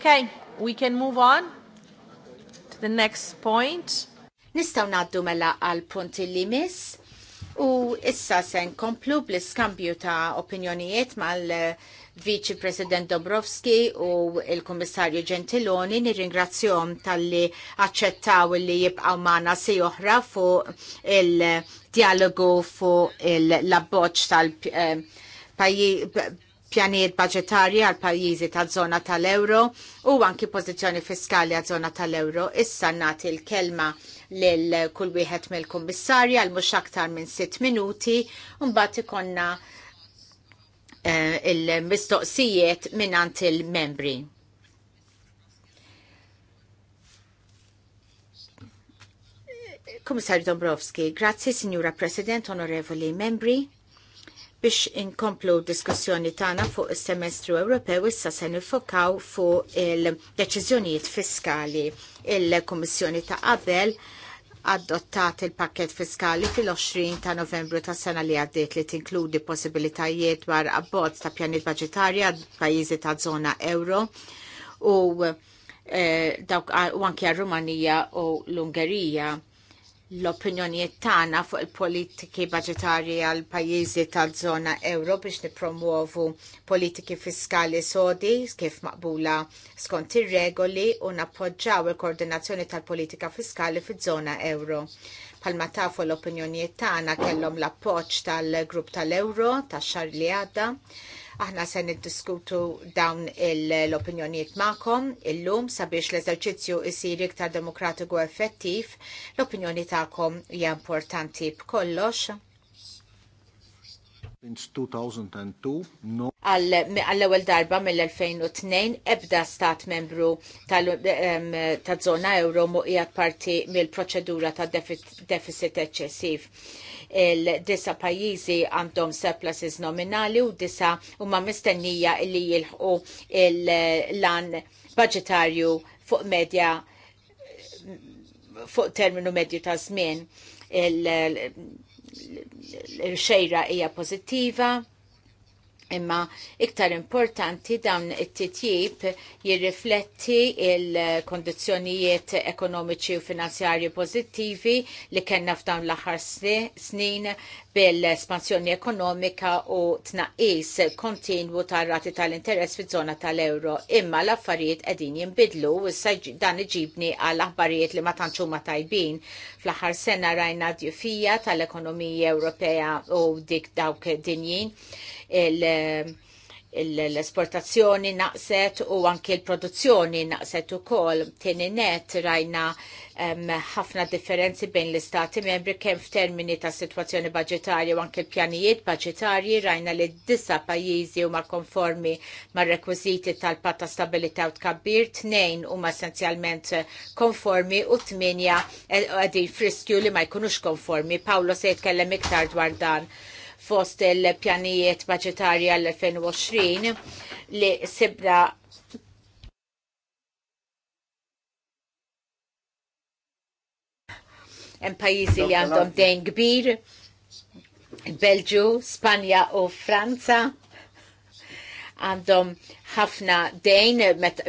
Okay, we can move on to the next point. Nistaw naddu mela għal punti li miss u issa se nkomplu bl-iskambju ta' opinjonijiet mal Viċi President Dobrovski u il-Kommissarju Gentiloni nirringrazzjom tal-li accettaw li jibqaw maħna si oħra fu il-dialogu fu il-labboċ tal-pajiz eh, pjanijiet budgetarji għal pajjiżi ta' żona tal-euro u anki pożizzjoni fiskali għal żona tal-euro. Issa nagħti l-kelma lil kull wieħed mill kummissarja għal mhux aktar minn sitt minuti u mbagħad ikonna eh, il-mistoqsijiet għand il-membri. Kummissarju Dombrovski, grazzi Signora President, onorevoli membri biex inkomplu diskussjoni tagħna fuq is-semestru Ewropew issa se nifokaw fuq il-deċiżjonijiet fiskali. Il-Kummissjoni ta' qabel adottat il-pakket fiskali fil-20 ta' novembru ta' sena li għaddiet li tinkludi possibilitajiet dwar abbozz ta' pjanit budgetarja pajjiżi ta' zona euro u eh, dawk u anke rumanija u l-Ungerija l-opinjonijiet tagħna fuq il-politiki budġetarji għal pajjiżi tal-żona euro biex nipromuovu politiki fiskali sodi kif maqbula skont ir-regoli u nappoġġaw il-koordinazzjoni tal-politika fiskali fiż-żona euro. Palma tafu l-opinjonijiet tagħna kellhom l-appoġġ tal-grupp tal-euro tax xar li għadda Aħna se niddiskutu dawn l-opinjonijiet ma'kom illum sabiex l-eżerċizzju jsir iktar demokratiku effettiv. L-opinjoni tagħkom hija importanti b'kollox Since 2002, Għall-ewel darba mill-2002, ebda stat membru ta' zona euro muqijat parti mill-proċedura ta' deficit eċċessiv. Il-disa pajizi għandhom surpluses nominali u disa u ma' mistennija illi jilħu il-lan budgetarju fuq medja fuq terminu medju ta' zmin l-xejra hija pożittiva Imma iktar importanti dawn it-titjib jirrifletti il-kondizjonijiet ekonomiċi u finanzjarji pozittivi li kellna f'dawn l-aħħar snin bil-espansjoni ekonomika u tnaqis kontinwu tar rati tal-interess fiż-żona tal-euro. Imma l-affarijiet qegħdin jinbidlu u dan iġibni għal aħbarijiet li ma tantx huma tajbin. Fl-aħħar sena rajna djufija tal-ekonomija Ewropea u dik dawk dinjin il- l-esportazzjoni naqset u anke l-produzzjoni naqset ukoll. Tini net rajna ħafna differenzi bejn l-istati membri kemm f'termini ta' situazzjoni budgetarja u anke l-pjanijiet budgetarji rajna li disa pajjiżi huma konformi ma' rekwiżiti tal-patta stabilità u tkabbir, tnejn huma essenzjalment konformi u tminja eh, għadin friskju li ma jkunux konformi. Paolo se jitkellem iktar dwar dan fost il-pjanijiet budgetarja għal 2020 li sibra hemm pajjiżi li għandhom dejn kbir, Belġu, Spanja u Franza għandhom ħafna dejn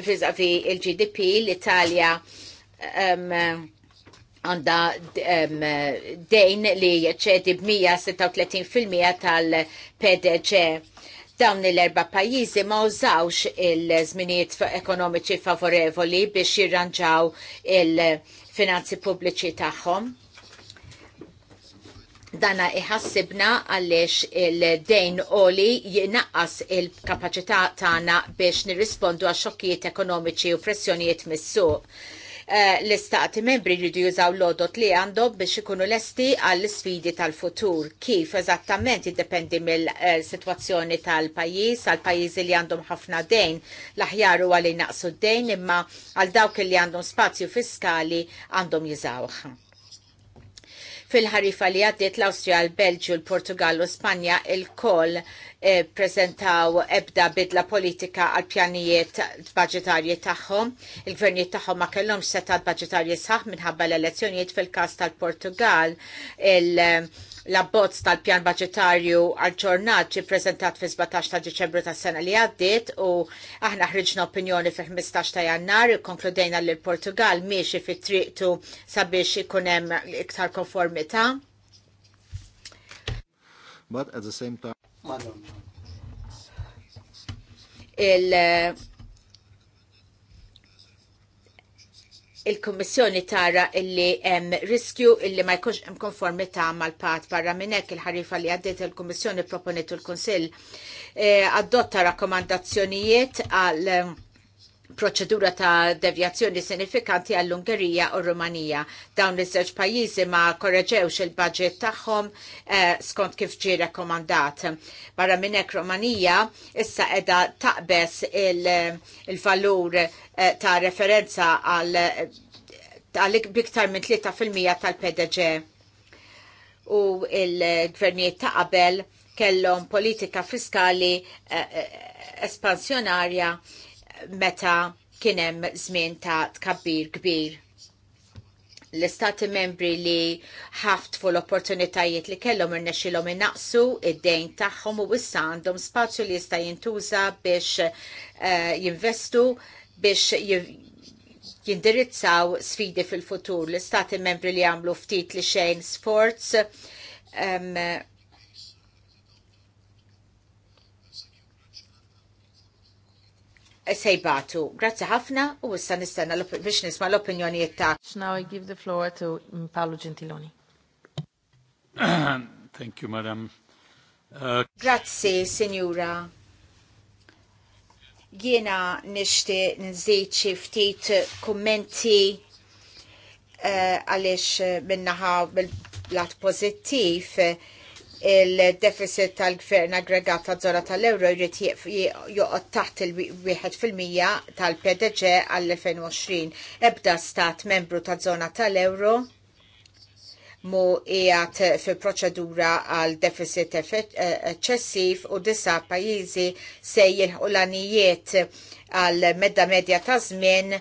vis-a-vis il-GDP, l-Italja um, għanda um, dejn li ċedib 136 tal-PDG dawn l-erba pajjiżi ma użawx il-żminijiet ekonomiċi favorevoli biex jirranġaw il-finanzi pubbliċi tagħhom. Dana iħassibna għaliex il-dejn oli jinaqqas il-kapacità tagħna biex nirrispondu għax xokkijiet ekonomiċi u pressjonijiet mis-suq Eh, l-istati membri jridu jużaw l-odot li għandhom biex ikunu lesti għall sfidi tal-futur. Kif eżattament jiddependi mill-situazzjoni eh, tal-pajis, għal-pajizi li għandhom ħafna dejn, l-aħjar u għalli naqsu d-dejn, imma għal dawk li għandhom spazju fiskali għandhom jużawħ. Fil-ħarifa li għaddiet l-Awstrija, l-Belġu, l-Portugal u Spanja il-koll eh, prezentaw ebda bidla politika għal pjanijiet budgetarji tagħhom. Il-gvernijiet tagħhom ma kellhomx setat budgetarji saħ minħabba l-elezzjonijiet fil-każ tal-Portugal il- L-abbozz tal-pjan budgetarju għal-ġornat ġi prezentat fi 17 ta' ġeċembru ta' sena li għaddit u aħna ħriġna opinjoni fi 15 ta' jannar konkludejna li l-Portugal miexi fi triqtu sabiex ikunem iktar konformita. But at the same time... Il- il-Kommissjoni tara illi hemm riskju illi ma jkunx hemm konformità mal-pat barra minn hekk il-ħarifa li għaddiet il-Kummissjoni proponiet il-Kunsill eh, adotta rakkomandazzjonijiet għal eh, proċedura ta' devjazzjoni sinifikanti għall-Ungerija u Rumanija. Dawn iż-żewġ pajjiżi ma korreġewx il-budget tagħhom eh, skont kif ġie rekomandat. Barra minn hekk Rumanija issa qiegħda taqbes eh, il-valur il Eh, ta' referenza għal tal biktar minn 3% tal-PDG u il-gvernijiet ta' qabel kellhom politika fiskali eh, eh, espansjonarja meta kienem żmien ta' tkabbir kbir l-istati membri li ħaft fu l-opportunitajiet li kellhom irnexxilhom innaqsu id-dejn tagħhom u issa għandhom spazju li jista' jintuża biex uh, jinvestu biex jindirizzaw sfidi fil-futur. L-istati membri li għamlu ftit li xejn sports um, sejbatu. Grazzi ħafna u issa nistenna biex nisma l-opinjonijiet ta' Now I give the floor to Paolo Gentiloni. Thank you, madam. Uh... Grazzi, signora. Jiena nishti nżid xi ftit kummenti eh, għaliex uh, minnaħa bil-lat pozittiv il-deficit tal-gvern aggregat ta' zona tal-euro jrid joqgħod taħt il-1 fil-mija tal-PDG għall-2020. Ebda stat membru ta' zona tal-euro mu ijat fil-proċedura għal deficit eċċessiv u disa pajjiżi se jilħu l-anijiet għal medda medja ta' żmien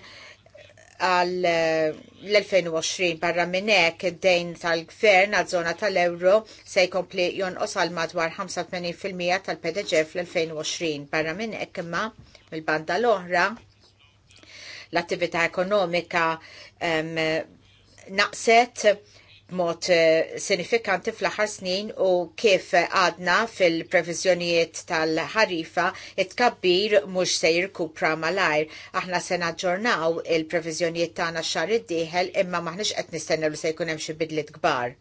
għal eh, l-2020 barra minnek id-dejn tal-gvern għal zona tal-euro se jkompli jonqos għal madwar 85% tal-PDG fl-2020 barra minnek imma mill-banda l-oħra l-attività ekonomika um, naqset mod eh, sinifikanti fl-aħħar snin u kif għadna fil-previżjonijiet tal-ħarifa it-kabbir mhux se jirkupra ajr Aħna se naġġornaw il-previżjonijiet tagħna xahar id-dieħel imma maħniex qed nistennew li se jkun hemm xi bidliet kbar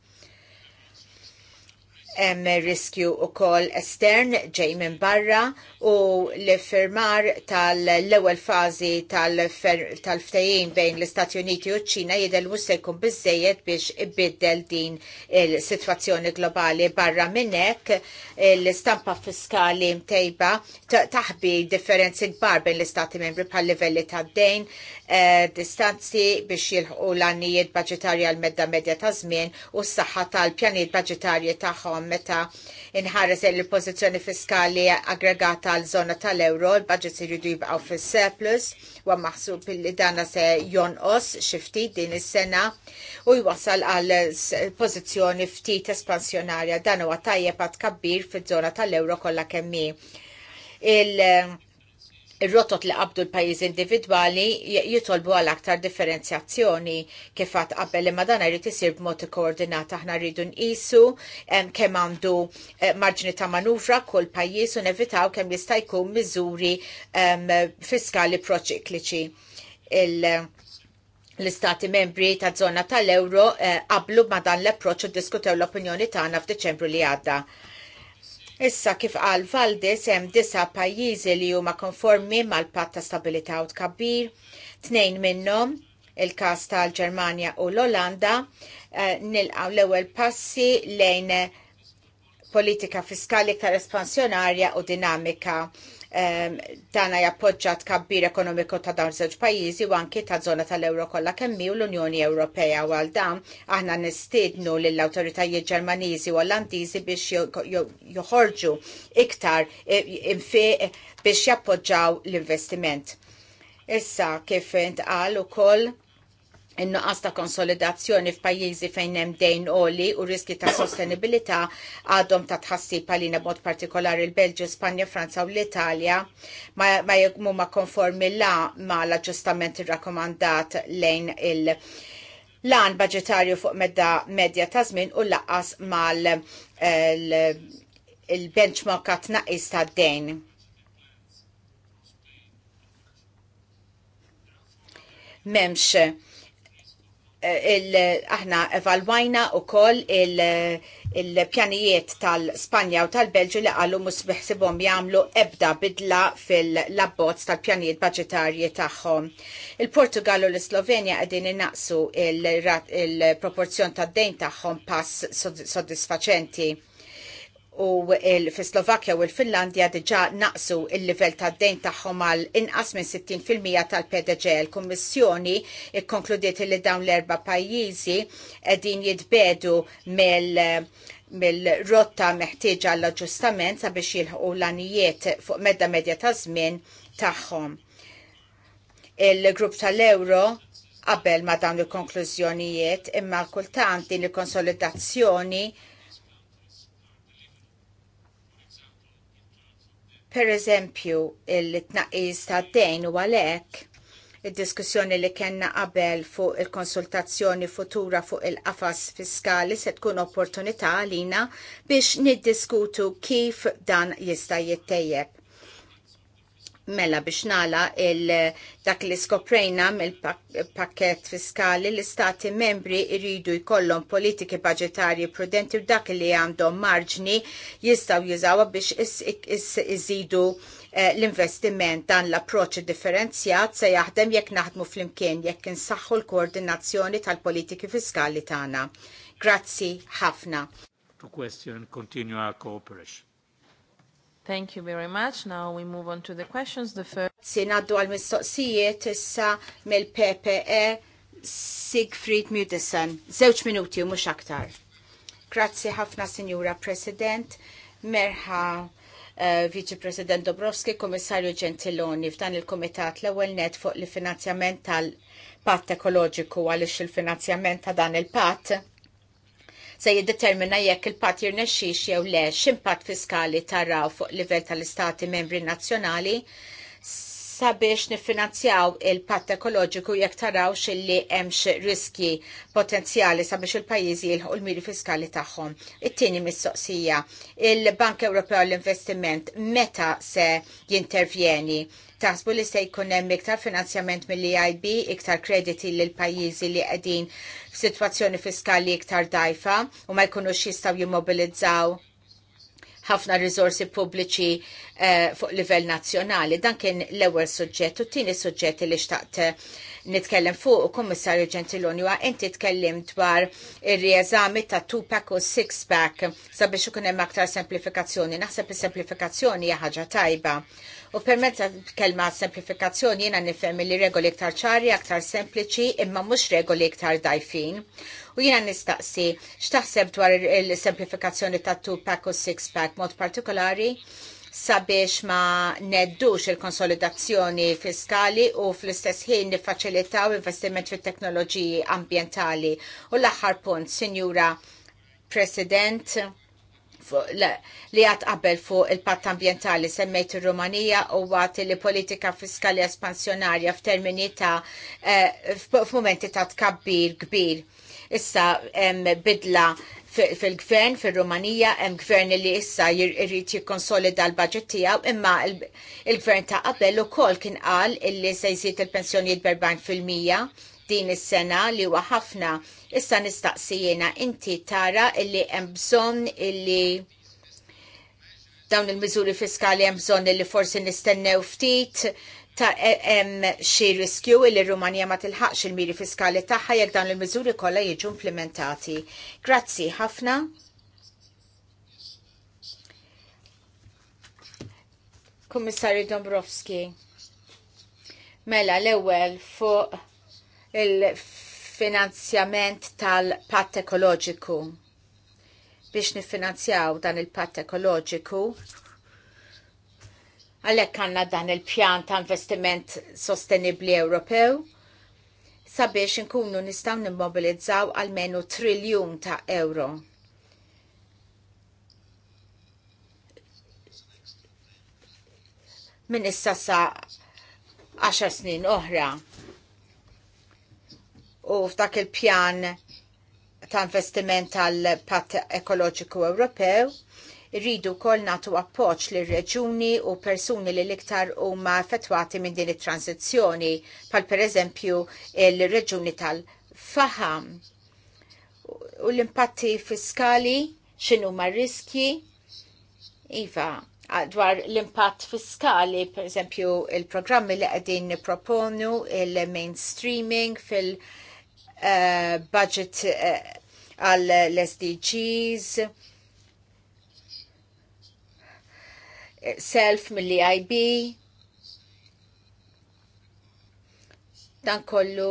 hemm riskju ukoll estern ġej minn barra u l-firmar tal-ewwel fażi tal-ftehim bejn l-Istati Uniti u ċ-Ċina jidel se jkun biżejjed biex ibiddel din il-sitwazzjoni globali barra minn hekk l-istampa fiskali mtejba taħbi differenzi kbar bejn l-Istati Membri bħal livelli tad-dejn, Eh, distanzi biex jilħqu l-għannijiet budgetarja l medda medja ta' żmien u s-saħħa tal-pjanijiet budgetarji tagħhom meta inħares il-pożizzjoni fiskali aggregata għal żona tal-euro, il-budget budgets iridu jibqgħu fis-surplus u maħsub li dana se jonqos xi ftit din is-sena u jwassal għal pożizzjoni ftit espansjonarja dan huwa tajjeb għad kabbir fiż-żona tal-euro kollha kemm il- eh, ir-rotot li qabdu l pajiz individwali jitolbu għal aktar differenzjazzjoni kif qabbel li madana dan jrid isir b'mod koordinata aħna rridu nqisu kemm għandu eh, marġni ta' manuvra kull pajjiż u nevitaw kemm jista' jkun miżuri fiskali proċikliċi l-istati membri ta' zona tal-euro eh, qablu ma dan l-approċċ u diskutew l-opinjoni tagħna f'Diċembru li għadda Issa kif qal Valdis hemm disa' pajjiżi li huma konformi mal-patt ta' stabilità u tkabbir, tnejn minnhom il-każ tal-Ġermanja u l-Olanda eh, nilqaw l-ewwel passi lejn politika fiskali iktar espansjonarja u dinamika dana jappoġġa tkabbir ekonomiku ta' dawn żewġ pajjiżi u anki ta' żona tal-Ewro kollha kemm u l-Unjoni Ewropea u għal dan aħna nistiednu lill awtoritajiet Ġermaniżi u Olandiżi biex joħorġu iktar e, infiq biex jappoġġaw l-investiment. Issa kif intqal ukoll in-nuqqas ta' konsolidazzjoni f'pajjiżi fejn hemm dejn oli u riski ta' sostenibilità għadhom ta' tħassib għalina b'mod partikolari l-Belġju, Spanja, Franza u l-Italja ma jekmu ma konformi la ma l-aġġustament irrakkomandat lejn il- lan budgetarju fuq medda medja ta' żmien u laqqas mal eh, il-benchmark għat naqis ta' dejn Memx Eh, aħna evalwajna u koll il-pjanijiet tal-Spanja u tal-Belġu li għallu musbiħsibom jamlu ebda bidla fil-labbozz tal-pjanijiet budgetarji tagħhom. Il-Portugal u l-Slovenja għedin innaqsu il-proporzjon tad-dejn tagħhom pass soddisfaċenti u fil-Slovakkja u l-Finlandja diġa naqsu il-livell ta' dejn tagħhom għal inqas minn 60% tal-PDG. Il-Kummissjoni ikkonkludiet li dawn l-erba' pajjiżi qegħdin jitbedu mill mill-rotta meħtieġa għall aġġustament sabiex jilħqu l-anijiet fuq medda medja ta' żmien tagħhom. Il-grupp tal-Euro qabel ma dawn il-konklużjonijiet imma kultant din il-konsolidazzjoni il konsolidazzjoni Per eżempju, il-tnaqis ta' dejn u għalek, il-diskussjoni li kena qabel fuq il-konsultazzjoni futura fuq il-qafas fiskali se tkun opportunità għalina biex niddiskutu kif dan jista' jittejjeb Mela biex nala il-dak li skoprejna mill-pakket fiskali l-istati membri iridu jkollhom politiki budgetarji prudenti u dak li għandhom marġni jistaw jużawa biex iżidu eh, l-investiment dan l-approċ differenzjat se jaħdem jekk naħdmu fl-imkien jekk insaħħu l-koordinazzjoni tal-politiki fiskali tagħna. Grazzi ħafna. To question continue our cooperation. Thank you very much. Now we move on to the questions. The first... Sinaddu għal-mistoqsijiet issa mill-PPE Siegfried Mudison. Zewċ minuti u mux aktar. Grazzi ħafna, Signora President. Merħa eh, Vice President Dobrovski, Komissarju Gentiloni, f'dan il-Komitat l-ewel net fuq l-finanzjament tal-Patt Ekoloġiku għalix il-finanzjament ta' dan il-Patt se jiddetermina jekk il-pat jirnexxix jew le x'impatt fiskali taraw fuq livell tal-istati membri nazzjonali sabiex nifinanzjaw il-patt ekoloġiku jekk taraw xilli hemmx riski potenzjali sabiex il-pajjiżi jilħu l-miri fiskali tagħhom. It-tieni mistoqsija, il-Bank Ewropew l-Investiment meta se jintervjeni? Taħsbu li se jkun hemm iktar finanzjament mill-EIB, iktar krediti l pajjiżi li qegħdin f'sitwazzjoni fiskali iktar dajfa u ma jkunux jistgħu jimmobilizzaw ħafna risorsi pubbliċi uh, fuq livell nazzjonali. Dan kien l-ewwel suġġett u t-tieni suġġett li xtaqt eh, nitkellem fuq u Kummissarju Gentiloni wa inti tkellim dwar ir-rieżami ta' 2-pack u 6-pack sabiex ikun hemm aktar semplifikazzjoni. Naħseb is semplifikazzjoni hija ħaġa tajba U permezz kelma semplifikazzjoni jiena nifhem li regoli iktar ċari, aktar sempliċi, imma mhux regoli iktar dajfin. U jiena nistaqsi x'taħseb dwar il-semplifikazzjoni ta' two pack u six pack mod partikolari sabiex ma neddux il-konsolidazzjoni fiskali u fl-istess ħin nifacilitaw investiment fit teknoloġiji ambientali. U l-aħħar punt, Sinjura President, li għat qabel fuq il-patt ambientali semmejt il-Rumanija u għat li politika fiskali espansjonarja f'termini ta' eh, f'momenti ta' tkabbir kbir. Issa bidla fil-gvern fil-Rumanija, hemm gvern li issa jirrit jikkonsolida l-budget tiegħu, imma il-gvern ta' qabel ukoll kien qal illi se jżid il-pensjonijiet b'40 fil-mija din is-sena li huwa ħafna. Issa jiena inti tara illi hemm bżonn illi dawn il-miżuri fiskali hemm bżonn illi forsi nistennew ftit ta' e- hemm xi riskju li Rumanija ma tilħaqx il-miri fiskali tagħha jekk dawn il-miżuri kollha jiġu implementati. Grazzi ħafna. Kummissarju Dombrovski. Mela l-ewwel fuq il-finanzjament tal-patt ekoloġiku. Biex nifinanzjaw dan il-patt ekoloġiku, għalhekk għandna dan il-pjan ta' investiment sostenibbli Ewropew, sabiex inkunu nistgħu nimmobilizzaw għalmenu triljun ta' euro. Min issa sa' 10 snin oħra u f'dak il-pjan ta' investiment tal-Patt Ekoloġiku Ewropew irridu kol natu appoċ li reġuni u persuni li liktar huma fetwati minn din it-transizjoni, pal per eżempju il-reġuni tal-faham. U l-impatti fiskali, xinu ma riski? Iva, dwar l-impatt fiskali, per eżempju il-programmi li għedin proponu, il-mainstreaming fil- Eh, budget eh, għal l-SDGs, self mill ib dan kollu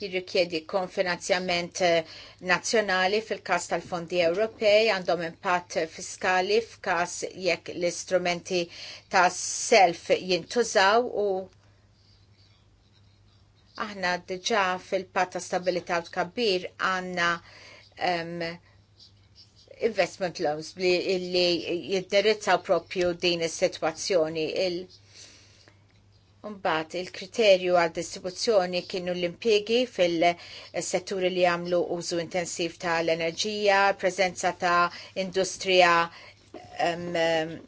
jirrikjedi konfinanzjament eh, nazzjonali fil-kas tal-fondi Ewropej għandhom impatt fiskali f'kas jekk l-istrumenti ta' self jintużaw u Aħna diġa fil-patta stabilita u tkabbir għanna um, investment loans li, illi jiddirizzaw propju din is-sitwazzjoni il Mbagħad il-kriterju għal distribuzzjoni kienu l impiegi fil-setturi li għamlu użu intensiv ta' l-enerġija, prezenza ta' industrija um,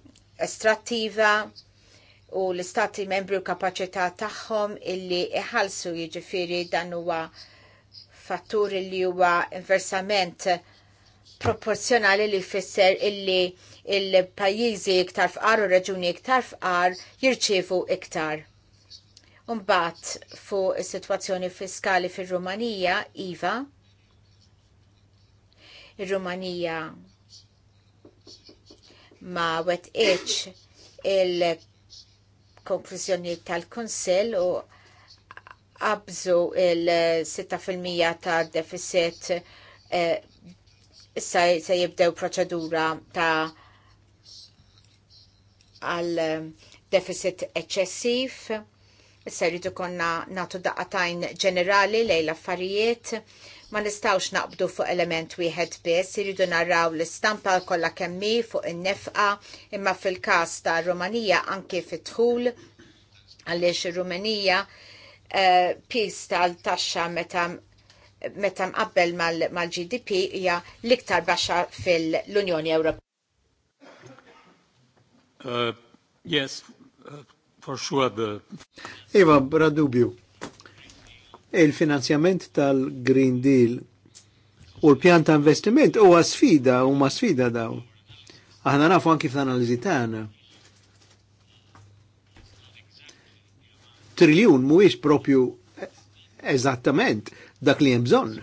estrattiva, u l-istati membru u kapacità tagħhom illi iħallsu jiġifieri dan huwa fattur li huwa inversament proporzjonali li jfisser illi il-pajjiżi iktar fqar u reġuni iktar fqar jirċievu iktar. Mbagħad fuq is-sitwazzjoni fiskali fir-Rumanija, iva, ir-Rumanija ma wetqitx il konklużjoni tal kunsell u qabżu il-6% ta' deficit eh, issa se jibdew proċedura ta' għal eh, deficit eċċessiv. Issa jridu konna natu daqatajn ġenerali lej l-affarijiet ma nistawx naqbdu fuq element wieħed biss, irridu naraw l-istampa kollha kemmi fuq in-nefqa, imma fil-każ ta' Rumanija anke fit-tħul għaliex ir-Rumanija uh, eh, pis tal-taxxa meta meta mqabbel mal-GDP hija l-iktar baxxa fil-Unjoni Ewropea. Uh, yes, uh, for sure the... Iva, Bradubju il-finanzjament tal-Green Deal u l-pjan ta' investiment u sfida u ma sfida daw. Aħna nafu anki f'analiżi tagħna. Triljun mhuwiex propju eżattament dak li hemm bżonn.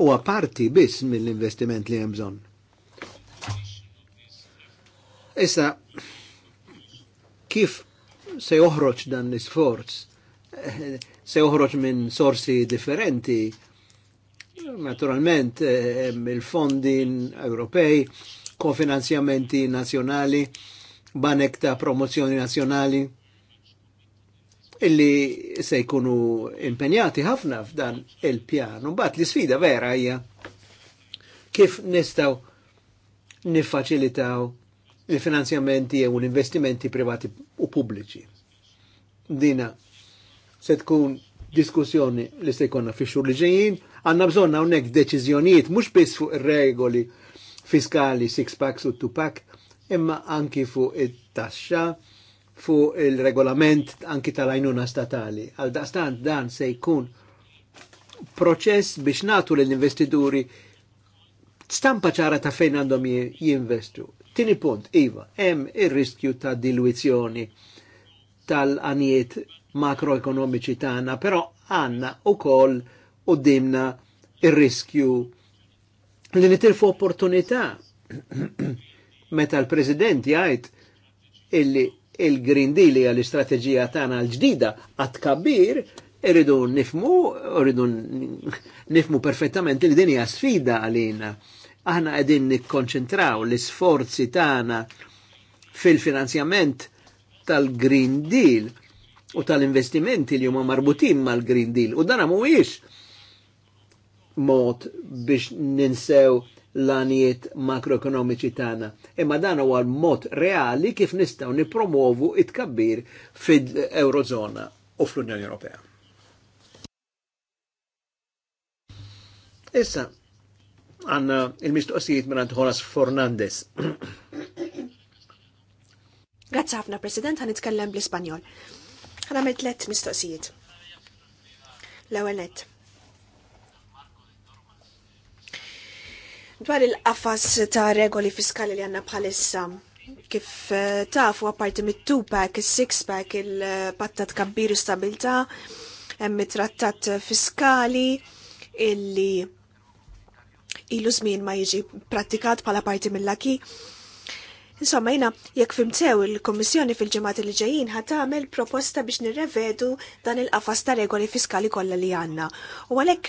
Huwa parti biss mill-investiment li hemm bżonn. Issa kif se joħroġ dan l-isforz se uħroċ minn sorsi differenti. Naturalment, eh, il-fondi Ewropej, kofinanzjamenti nazjonali, banek ta' promozjoni nazjonali, illi se jkunu impenjati ħafna f'dan il-pjan. Mbagħad l-isfida vera hija kif nistaw niffaċilitaw il-finanzjamenti u l-investimenti privati u pubbliċi. Dina se tkun diskussjoni li se jkunna fi xhur li ġejjin, għandna bżonn hawnhekk deċiżjonijiet mhux biss fuq ir-regoli fiskali six packs u two pack, imma anki fuq it-taxxa, fuq il-regolament anki tal-għajnuna statali. Għal daqstant dan se jkun proċess biex natu l investituri stampa ċara ta' fejn għandhom jinvestu. Tini punt, Iva, hemm ir-riskju ta' diluizzjoni tal għanijiet makroekonomiċi tagħna, però għandna wkoll qudiemna ir-riskju li nitilfu opportunità meta l-President jgħid illi il-Green Deal hija l-istrateġija tagħna l-ġdida għad kabbir irridu nifmu, irridu nifmu perfettament li dinja sfida għalina. Aħna qegħdin nikkonċentraw l-isforzi tagħna fil-finanzjament tal-Green Deal u tal-investimenti li huma marbutin mal-Green Deal. U dan mhuwiex mod biex ninsew l-anijiet makroekonomiċi tagħna. Imma dan huwa mod reali kif nistgħu nipromovu it-kabbir fid-Eurozona u fl-Unjoni Ewropea. Issa, għanna il-mistoqsijiet minn Antonas Fernandez. Grazzi ħafna, President, għan itkellem bl-Ispanjol ħana tlet mistoqsijiet. L-ewwel nett. Dwar il-qafas ta' regoli fiskali li għanna bħalissa, kif eh, tafu għaparti mit-two-pack, il-six-pack, il-pattat kabbir stabilta, hemm trattat fiskali illi ilu żmien ma jiġi pratikat bħala parti mill-laki. Insomma, jina jekk fimtew il-Kommissjoni fil-ġemat li ġejjin ħat tagħmel proposta biex nirrevedu dan il-qafas ta' regoli fiskali kollha li għandna. U għalhekk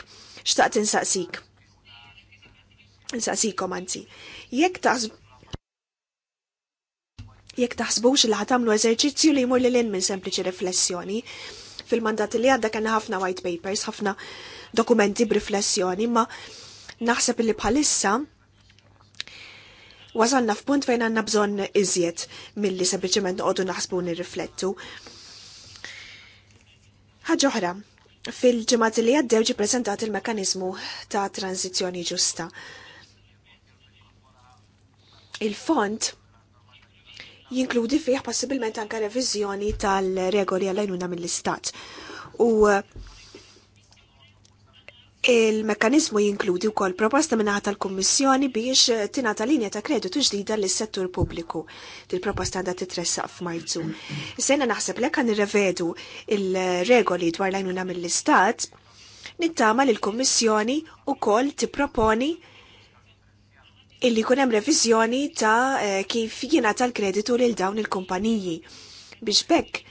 xtaqt insaqsik. Insaqsikom anzi. Jekk taħsb jekk taħsbux li ħatamlu eżerċizzju li jmur li l minn sempliċi riflessjoni. Fil-mandat li għadda kena ħafna white papers, ħafna dokumenti b'riflessjoni, ma naħseb li bħalissa wasalna f'punt fejn għandna bżonn iżjed milli sempliċement noqogħdu naħsbu nirriflettu. Ħaġa oħra, fil-ġimgħat li għaddew ġi preżentat il-mekkaniżmu ta' tranzizzjoni ġusta. Il-font jinkludi fih possibilment anka reviżjoni tal-regoli għal-għajnuna mill-istat. U Il-mekkanizmu jinkludi wkoll proposta għata tal-Kummissjoni biex tingħata linja ta' kreditu ġdida lis settur pubbliku. Dil proposta għandha titressaq f'Marzu. Sejna naħseb lekk nirrevedu il-regoli dwar l-għajnuna mill-Istat, nittama li l-Kummissjoni wkoll tipproponi illi jkun hemm reviżjoni ta' eh, kif jingħata l-kreditu lil dawn il-kumpaniji biex bekk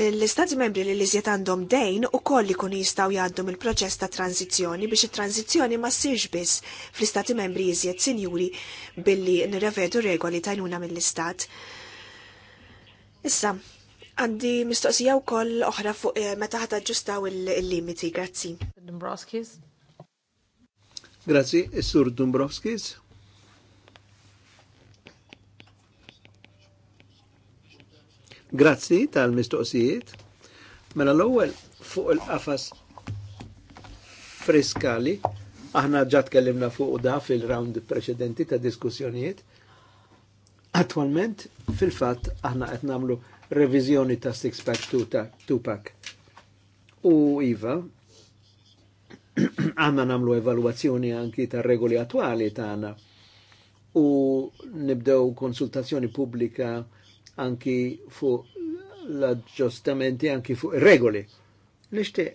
l-istati membri li liżiet għandhom dejn u koll ikun jistaw jgħaddu il-proċess ta' tranzizjoni biex il-tranzizjoni ma ssirx biss fl-istati membri jizjet sinjuri billi nirrevedu regoli tajnuna mill-istat. Issa, għandi mistoqsija u koll oħra fuq eh, meta ħata ġustaw il-limiti, grazzi. Grazzi, Sur Dumbrovskis. Grazzi tal-mistoqsijiet. Mela l-ewwel fuq il-qafas friskali, aħna ġat tkellimna fuq da fil-round preċedenti ta' diskussjonijiet. Attualment, fil-fatt, aħna qed nagħmlu reviżjoni ta' six pack two ta' two pack. U iva, għanna namlu evalwazzjoni anki ta' regoli attuali tagħna u nibdew konsultazzjoni pubblika anki fuq l adġustamenti anki fuq regoli. Nixtieq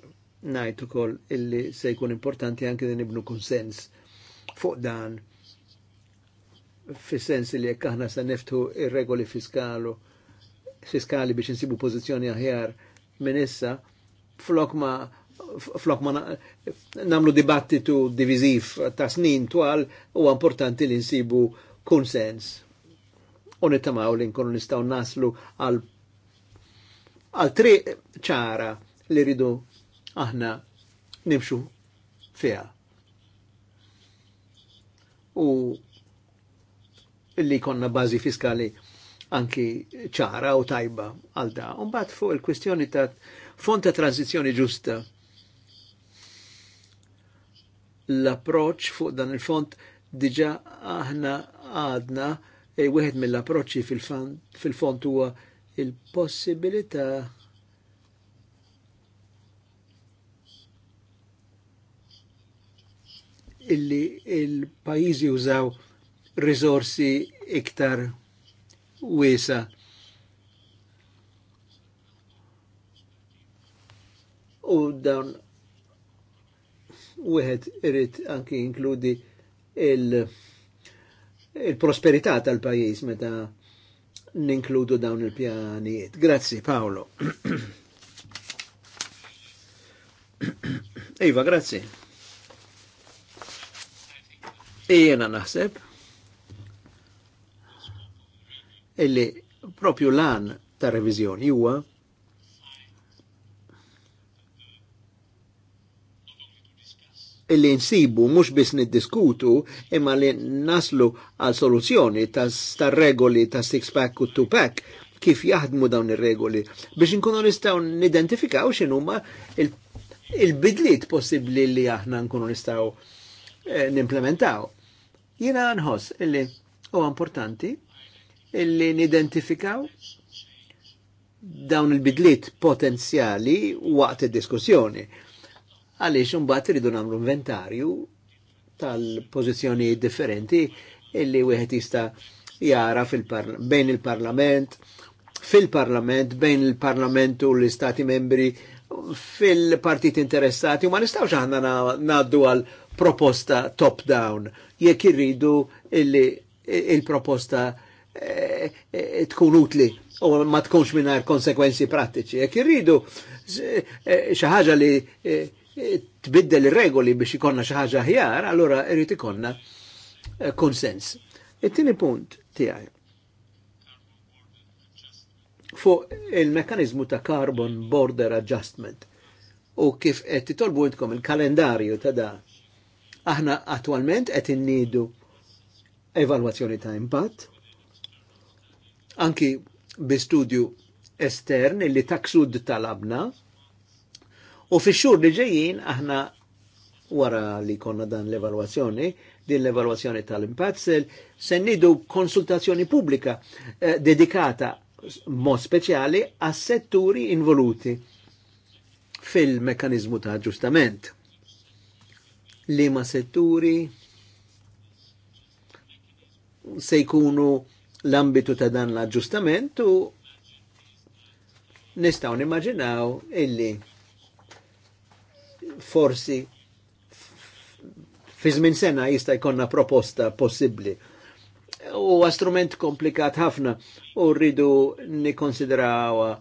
ngħid ukoll illi se jkun importanti anki din ibnu konsens fuq dan fi sens li jekk aħna se neftu ir-regoli fiskalu fiskali biex insibu pożizzjoni aħjar minn issa flok ma flok ma namlu dibattitu diviżiv ta' snin twal huwa importanti li nsibu konsens u nitamaw li nkunu nistaw naslu għal għal tri ċara li ridu aħna nimxu fija. U li konna bazi fiskali anki ċara u tajba għal da. Umbat fuq il kwestjoni ta' fonta tranzizjoni ġusta. L-approċ fuq dan il-font diġa aħna għadna E wieħed mill-approċċi fil fil huwa il-possibilità illi il pajjiżi użaw risorsi iktar wiesa. U dawn wieħed irid anki inkludi il- il-prosperità tal-pajis meta ninkludu dawn il-pjanijiet. Grazzi Paolo. Iva, grazzi. Ijena naħseb illi propju lan ta' revizjoni huwa illi nsibu mhux biss niddiskutu imma li naslu għal soluzzjoni star regoli ta' six pack u two pack kif jaħdmu dawn ir-regoli biex inkunu nistgħu nidentifikaw x'inhuma il-bidliet possibbli li aħna nkunu nistgħu eh, nimplementaw. Jiena nħoss illi huwa importanti illi nidentifikaw dawn il-bidliet potenzjali waqt id-diskussjoni. Il għaliex imbagħad iridu nagħmlu inventarju tal pozizjoni differenti illi wieħed jista' jara fil bejn il-Parlament, fil-Parlament, bejn il-Parlament u l-Istati membri, fil-partit interessati, u ma nistawx aħna naddu għal proposta top-down, jekk irridu il-proposta eh, eh, tkun utli u ma tkunx minna konsekwenzi prattiċi. Jekk irridu eh, xi ħaġa li E tbiddel regoli biex ikonna xi ħaġa ħjar, allura irid ikonna eh, konsens. It-tieni punt tiegħi fuq il mekkaniżmu ta' Carbon Border Adjustment u kif qed titolbu intkom il-kalendarju ta' da. Aħna attwalment qed innidu evalwazzjoni ta' impatt anki bi studju estern li taksud tal-abna U fi xur li ġejjin aħna wara li konna dan l evaluazzjoni din l evaluazzjoni tal impazzel se nidu konsultazzjoni pubblika eh, dedikata mod speċjali a setturi involuti fil-mekanizmu ta' ġustament. Li ma setturi se jkunu l-ambitu ta' dan l-aġġustament u nistaw nimmaġinaw illi forsi fi żmien sena jista' jkollna proposta possibbli. Huwa strument komplikat ħafna u rridu nikkonsidrawha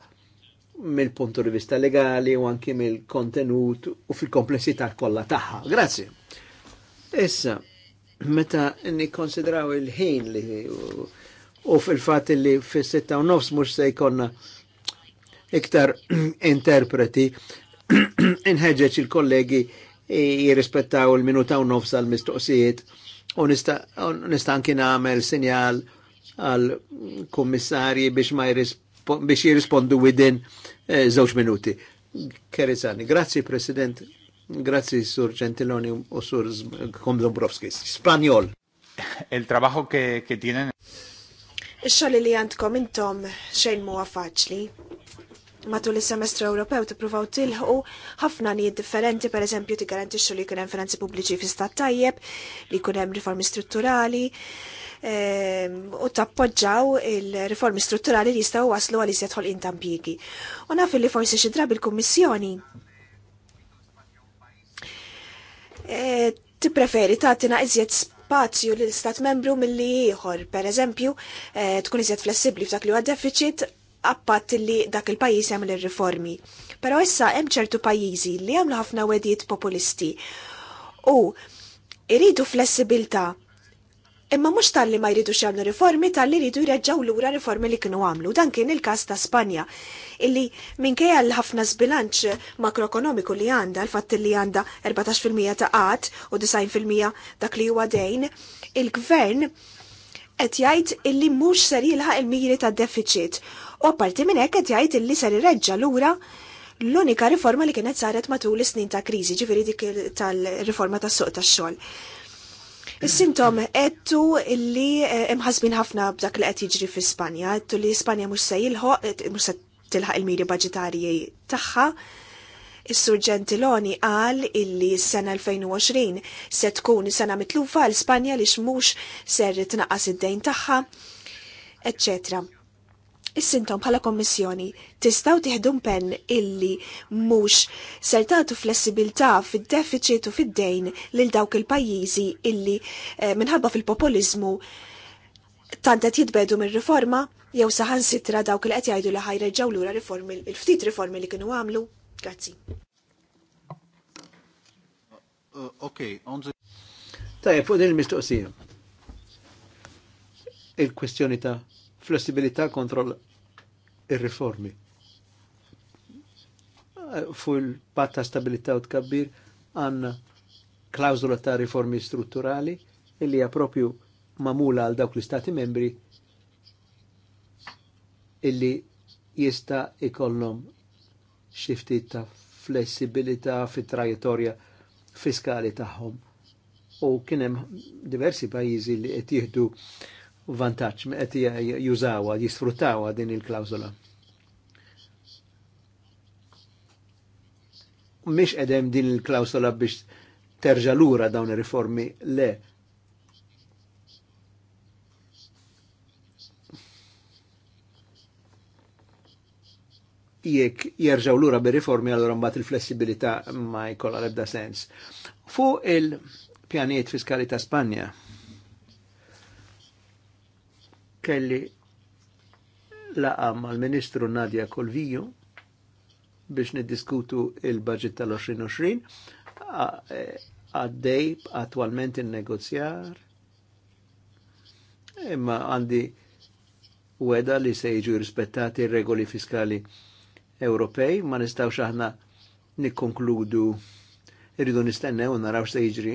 mill punt di vista legali u anki mill-kontenut u fil-komplessità kollha tagħha. Grazzi. Issa, meta nikkonsidraw il-ħin li u, fil-fat li fis-sitta u nofs mhux se jkollna iktar interpreti inħeġġeġ il-kollegi jirrispettaw il-minuta u nofs għal-mistoqsijiet u nista' anki nagħmel sinjal għal kommissarji biex ma biex jirrispondu within eh, minuti. Kerizani, grazzi President, grazzi Sur Gentiloni u Sur Komdombrovski. Spanjol. Il-trabaħu ke, tienen. ix li għandkom intom xejn mu faċli matul is-semestru Ewropew tippruvaw tilħu ħafna nijiet differenti, pereżempju tigarantixxu li jkun hemm finanzi pubbliċi fi stat tajjeb, li jkun hemm riformi strutturali, ehm, u tappoġġaw il-riformi strutturali li jistgħu waslu għal iżjed ħolqien tampjiki. U naf li forsi xi drabi l-Kummissjoni e, tippreferi tagħtina iżjed spazju l-Istat membru mill-li ieħor, pereżempju, e, tkun iżjed flessibbli f'dak li huwa deficit appat li dak il-pajjiż jagħmel il-reformi. Però issa hemm ċertu pajjiżi li jagħmlu ħafna wedijiet populisti. U iridu flessibilta Imma mhux tal-li ma jridux xamlu riformi tal-li jridu jreġġaw lura riformi li kienu għamlu. Dan kien il-każ ta' Spanja, illi minkejja l-ħafna zbilanċ makroekonomiku li għandha, l-fatt li għandha 14% ta' qatt u 90% dak li huwa dejn, il-gvern qed jgħid illi mhux ser jilħaq il-miri ta' deficit U apparti minn hekk qed jgħid illi ser ireġġa' lura l-unika riforma li kienet saret matul is-snin ta' kriżi, ġifieri dik tal-riforma tas-suq tax-xogħol. Is-sintom għettu illi eh, imħasbin ħafna b'dak li qed jiġri fi Spanja, għettu li Spanja mhux se jilħoq, eh, mhux se tilħaq il-miri baġitarji tagħha. Is-Sur Gentiloni qal illi s-sena 2020 se tkun sena mitlufa l-Spanja li x'mhux ser tnaqqas id-dejn tagħha, eċċetera. Is-sintom bħala kommissjoni tistaw tiħdum pen illi mhux ser tagħtu flessibilità fid-deficit u fid-dejn lil dawk il-pajjiżi illi eh, minħabba fil-populiżmu tant qed jitbedu mir-riforma jew saħan sitra dawk li qed jgħidu li ħajreġgħu lura riformi il-ftit riformi li kienu għamlu. Grazzi. Uh, okay, Tajjeb, fuq din il-mistoqsija. Il-kwestjoni ta' flessibilità kontra ir-riformi. Fu il-patta stabilità u tkabbir għanna klawzula ta' riformi strutturali illi hija propju mamula għal dawk l-istati membri illi jista ikollhom xiftit ta' flessibilità fit trajettorja fiskali tagħhom. U kien hemm diversi pajjiżi li qed jieħdu vantaġġ għet jużawha, jisfruttawha din il-klawżola. Mish edem din il-klawżola biex terġa' lura dawn il riformi le. Jek jerġaw lura bi riformi għal mbagħad il-flessibilità ma jkollha l-ebda sens. Fuq il pjaniet fiskali ta' Spanja, kelli laqa mal-Ministru Nadja Kolviju biex niddiskutu il-budget tal-2020 e, għaddej attualment il-negozjar imma għandi weda li se jiġu rispettati regoli fiskali Ewropej ma nistaw aħna nikkonkludu irridu nistennew naraw se jiġri.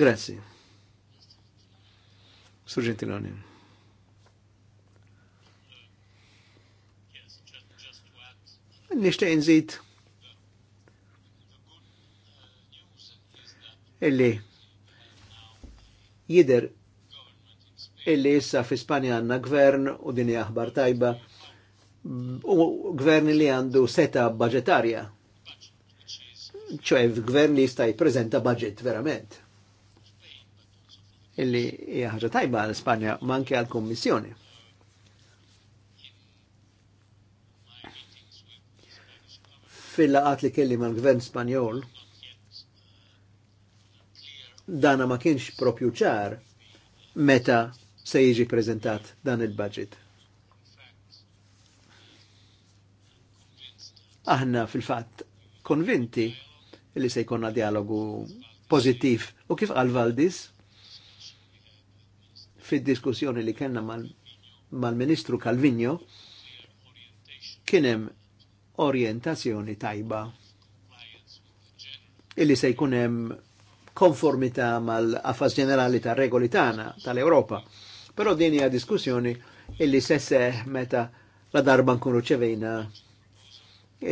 Grazie. Sur Gentiloni. Nishtiq nżid illi jider illi issa fi Spanja għanna gvern u din aħbar tajba u gvern li għandu seta budgetarja. ċoħe gvern li jista' jippreżenta budget verament illi hija ħaġa tajba għal Spanja ma anke għal Kommissjoni. Fil-laqat li kelli mal-Gvern Spanjol, dana ma kienx propju ċar meta se jiġi prezentat dan il-budget. Aħna fil-fatt konvinti li se jkonna dialogu pozittiv u kif għal Valdis fid-diskussjoni li kena mal-Ministru mal Calvino kien hemm tajba illi se jkun hemm konformità mal-affas ġenerali ta' regoli tana tal-Ewropa. Però din hija diskussjoni illi se seħ meta la darba nkunu ċevejna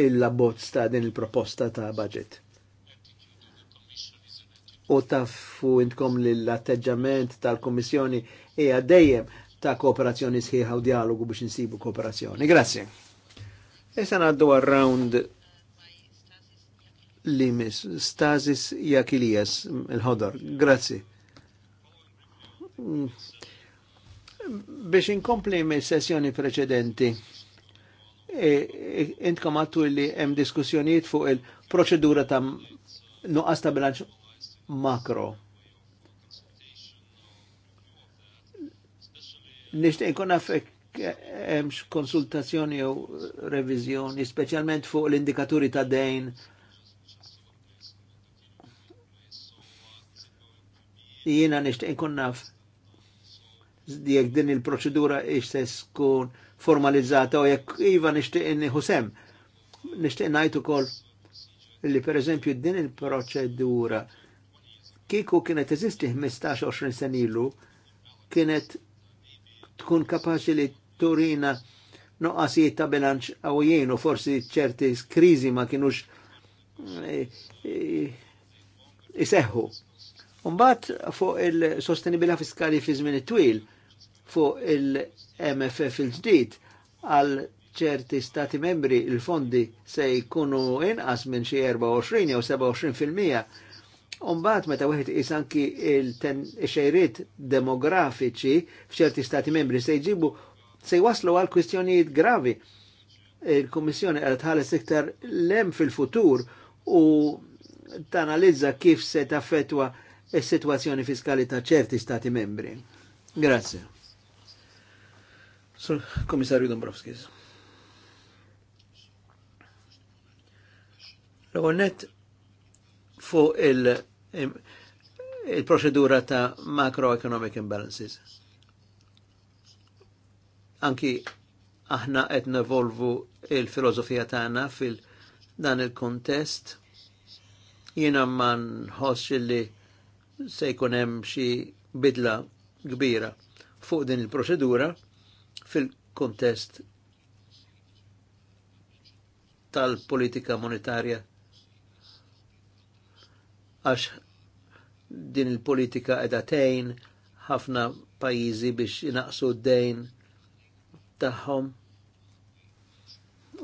il-labbozz ta' din il-proposta ta' budget. U tafu intkom l-atteġġament tal-Kommissjoni hija dejjem ta' kooperazzjoni sħiħa u dialogu biex insibu kooperazzjoni. Grazie. Issa għaddu għarround limis, stasis jakilijas, il-ħodor. Grazie. Biex inkompli mis-sessjoni preċedenti, e, e, intkom għattu li hemm diskussjonijiet fuq il-proċedura ta' nuqqas ta' bilanċ makro Nishtiq ikun naf hemmx konsultazzjoni jew revizjoni speċjalment fuq l-indikaturi ta' dejn. Jiena nixtieq ikun naf jekk din il-proċedura ix se tkun formalizzata u jekk iva nixtieq inniħu sem. Nixtieq ngħid ukoll li pereżempju din il-proċedura kieku kienet eżisti 15-20 sen ilu kienet tkun kapaxi li turina noqqasijiet ta' bilanċ għawjien u forsi ċerti krizi ma kienux eh, eh, iseħħu. Umbat fuq il-sostenibilità fiskali fi żmien twil fuq il-MFF il-ġdid għal ċerti stati membri il-fondi se jkunu inqas minn xi 24 jew 27 Umbat meta wieħed is anki il-xejriet demografiċi f'ċerti stati membri se jġibu se jwaslu għal kwistjonijiet gravi. Il-Kummissjoni qed tħares iktar lem fil-futur u tanalizza kif se taffetwa is-sitwazzjoni fiskali ta' ċerti stati membri. Grazie. Sur Komissarju Dombrovskis. L-għonet fuq il- il-proċedura ta' macroeconomic imbalances. Anki aħna qed nevolvu il-filosofija tagħna fil dan il-kontest jiena ma nħoss li se jkun hemm xi bidla kbira fuq din il-proċedura fil-kontest tal-politika monetarja għax din il-politika edha tejn ħafna pajizi biex inaqsu d-dejn tagħhom.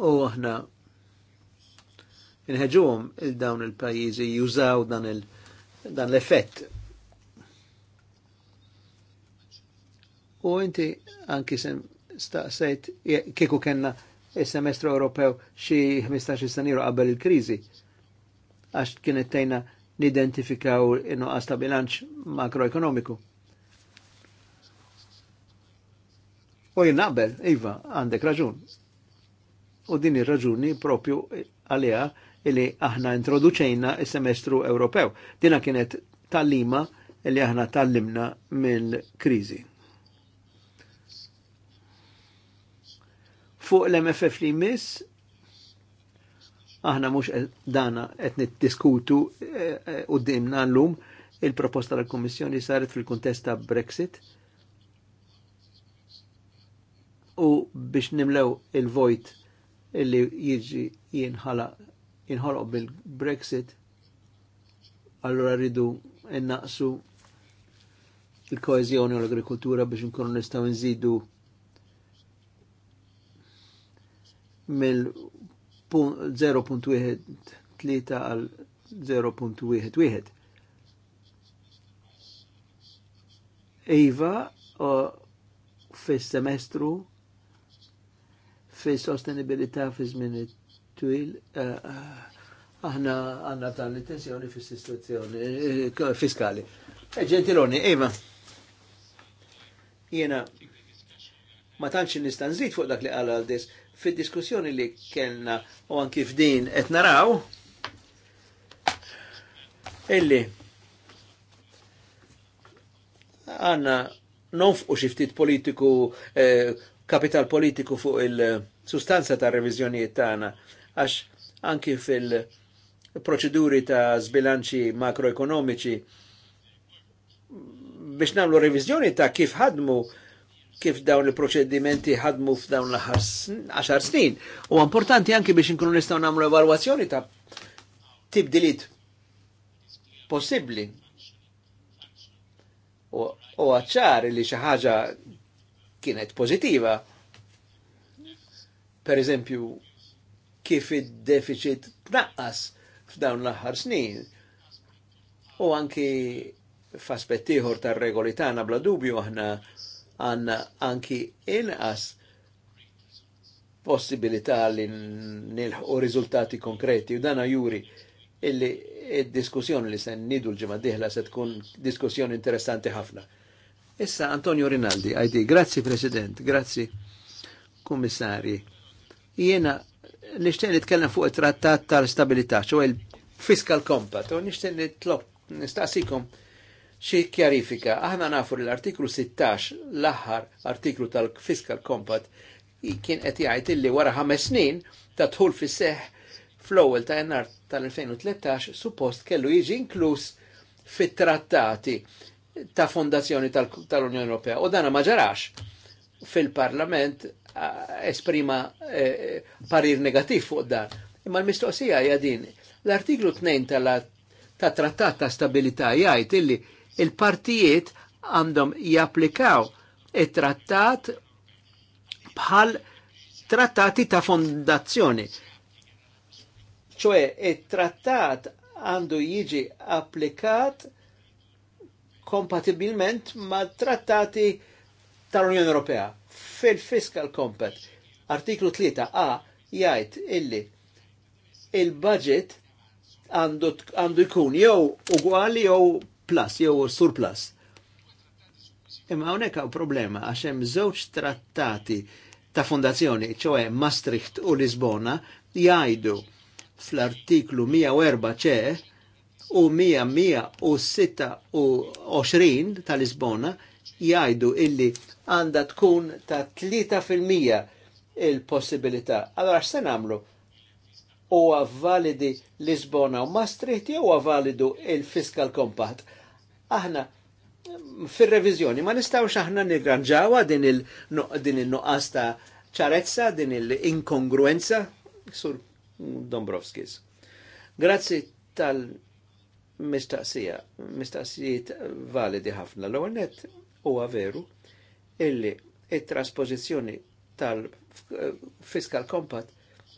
U aħna inħeġuhom il-dawn il-pajjiżi jużaw dan il dan l-effett. U inti anki sem staqsejt kieku kenna il-semestru Ewropew xi 15 saniru qabel il-kriżi għax kienet tejna nidentifikaw in-nuqqas ta' bilanċ makroekonomiku. U jinnaqbel, Iva, għandek raġun. U din ir-raġuni propju għalija illi aħna introduċejna il-semestru Ewropew. Dina kienet tal-lima illi aħna tal-limna mill-krizi. Fuq l-MFF li miss, aħna mhux dana qed niddiskutu eh, eh, dimna l llum il-proposta tal-Kummissjoni saret fil-kuntest ta' Brexit u biex nimlew il-vojt illi jiġi jinħala jinħolq bil-Brexit allura rridu innaqsu il-koezjoni u l-agrikultura biex nkunu nistgħu nżidu mill 0.13 għal 0.11. Iva fis-semestru fis-sostenibilità fi żmien twil eh, eh, aħna għanna dan l-intenzjoni fis-istituzzjoni eh, fiskali. Ġentiloni, Iva. Jena ma tantx nista' fuq dak li qal għal dis fid-diskussjoni li kellna u anki f'din qed naraw illi għanna fuq xiftit politiku eh, kapital politiku fuq il-sustanza ta' revizjonijiet tagħna għax anki fil-proċeduri ta' sbilanċi makroekonomiċi biex nagħmlu revizjoni ta' kif ħadmu kif dawn il-proċedimenti ħadmu f'dawn l-aħħar 10 snin. U importanti anki biex inkunu nistgħu nagħmlu evalwazzjoni ta' tibdilit possibbli. U għacċar li xi ħaġa kienet pożittiva. Per eżempju, kif id-deficit tnaqqas f'dawn l-aħħar snin. U anki f'aspettiħor tar-regoli tagħna bla dubju aħna għanna anki inqas possibilità li nilħu riżultati konkreti u dana juri illi id-diskussjoni li se nidu l-ġimgħa diħla se tkun diskussjoni interessanti ħafna. Issa Antonio Rinaldi, ID, grazzi President, grazzi Kummissarji. Jiena nixtieq nitkellem fuq it-trattat tal-stabilità, ċew il-Fiscal Compact, u nixtieq nitlob nistaqsikom xi kjarifika. Aħna nafu l-artiklu 16, l-aħħar artiklu tal-Fiscal Compact, kien qed jgħid illi wara ħames snin ta' tħul fis seħħ fl-ewwel ta' jannar tal-2013 suppost kellu jiġi inkluż fit-trattati ta' fondazzjoni tal-Unjoni Ewropea. U dana ma ġarax fil-Parlament esprima eh, parir negativ fuq dan. Imma l-mistoqsija hija din. L-artiklu 2 tal-trattat ta' stabilità jgħid illi il-partijiet għandhom japplikaw it-trattat bħal trattati ta' fondazzjoni. ċoe, it-trattat għandu jiġi applikat kompatibilment ma' trattati tal-Unjoni Ewropea. Fil-Fiscal Compact, artiklu 3a jgħid illi il-budget għandu jkun jew ugwali jew plus jew surplus. Imma hawnhekk hawn problema għax hemm żewġ trattati ta' fondazzjoni, ċoe Maastricht u Lisbona, jgħidu fl-artiklu 104 ċe u 126 ta' Lisbona jgħidu illi għanda tkun ta' 3% il-possibilità. Allora x'se nagħmlu? Huwa validi Lisbona u Maastricht jew huwa validu il-Fiscal Compact? aħna fil-revizjoni ma nistawx aħna nirranġawa din il-nuqqas ta' ċarezza, din il-inkongruenza, sur Dombrovskis. Grazzi tal-mistaqsija, mistaqsijiet validi ħafna l net huwa veru illi it-trasposizjoni tal-Fiscal Compact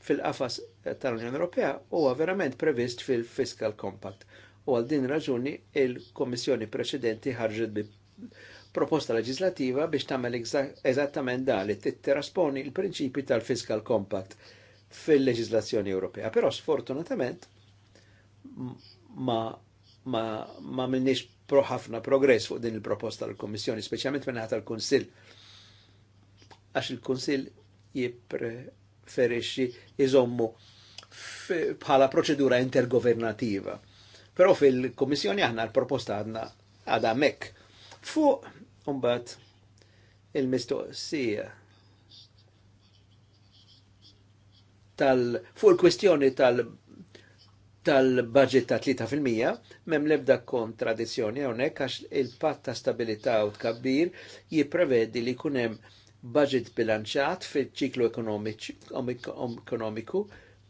fil-qafas tal-Unjoni Ewropea huwa verament previst fil-Fiscal Compact u għal din raġuni il-Komissjoni preċedenti ħarġet bi proposta leġislativa biex tagħmel eżattament da li titterasponi l-prinċipi tal-Fiscal Compact fil-leġislazzjoni Ewropea. Però sfortunatament ma ma ma minnix ħafna progress fuq din il-proposta l kummissjoni speċjalment minn tal-Kunsill. Għax il-Kunsill jippreferixxi iżommu bħala proċedura intergovernativa Però fil-Kommissjoni aħna l-proposta għadna għadha mek. Fuq umbat il-mistoqsija tal fuq il-kwestjoni tal tal-budget ta' 3% mem lebda kontradizzjoni hawnhekk għax il-patt ta' stabilita' u tkabbir jipprevedi li kunem budget bilanċat fil-ċiklu ekonomiku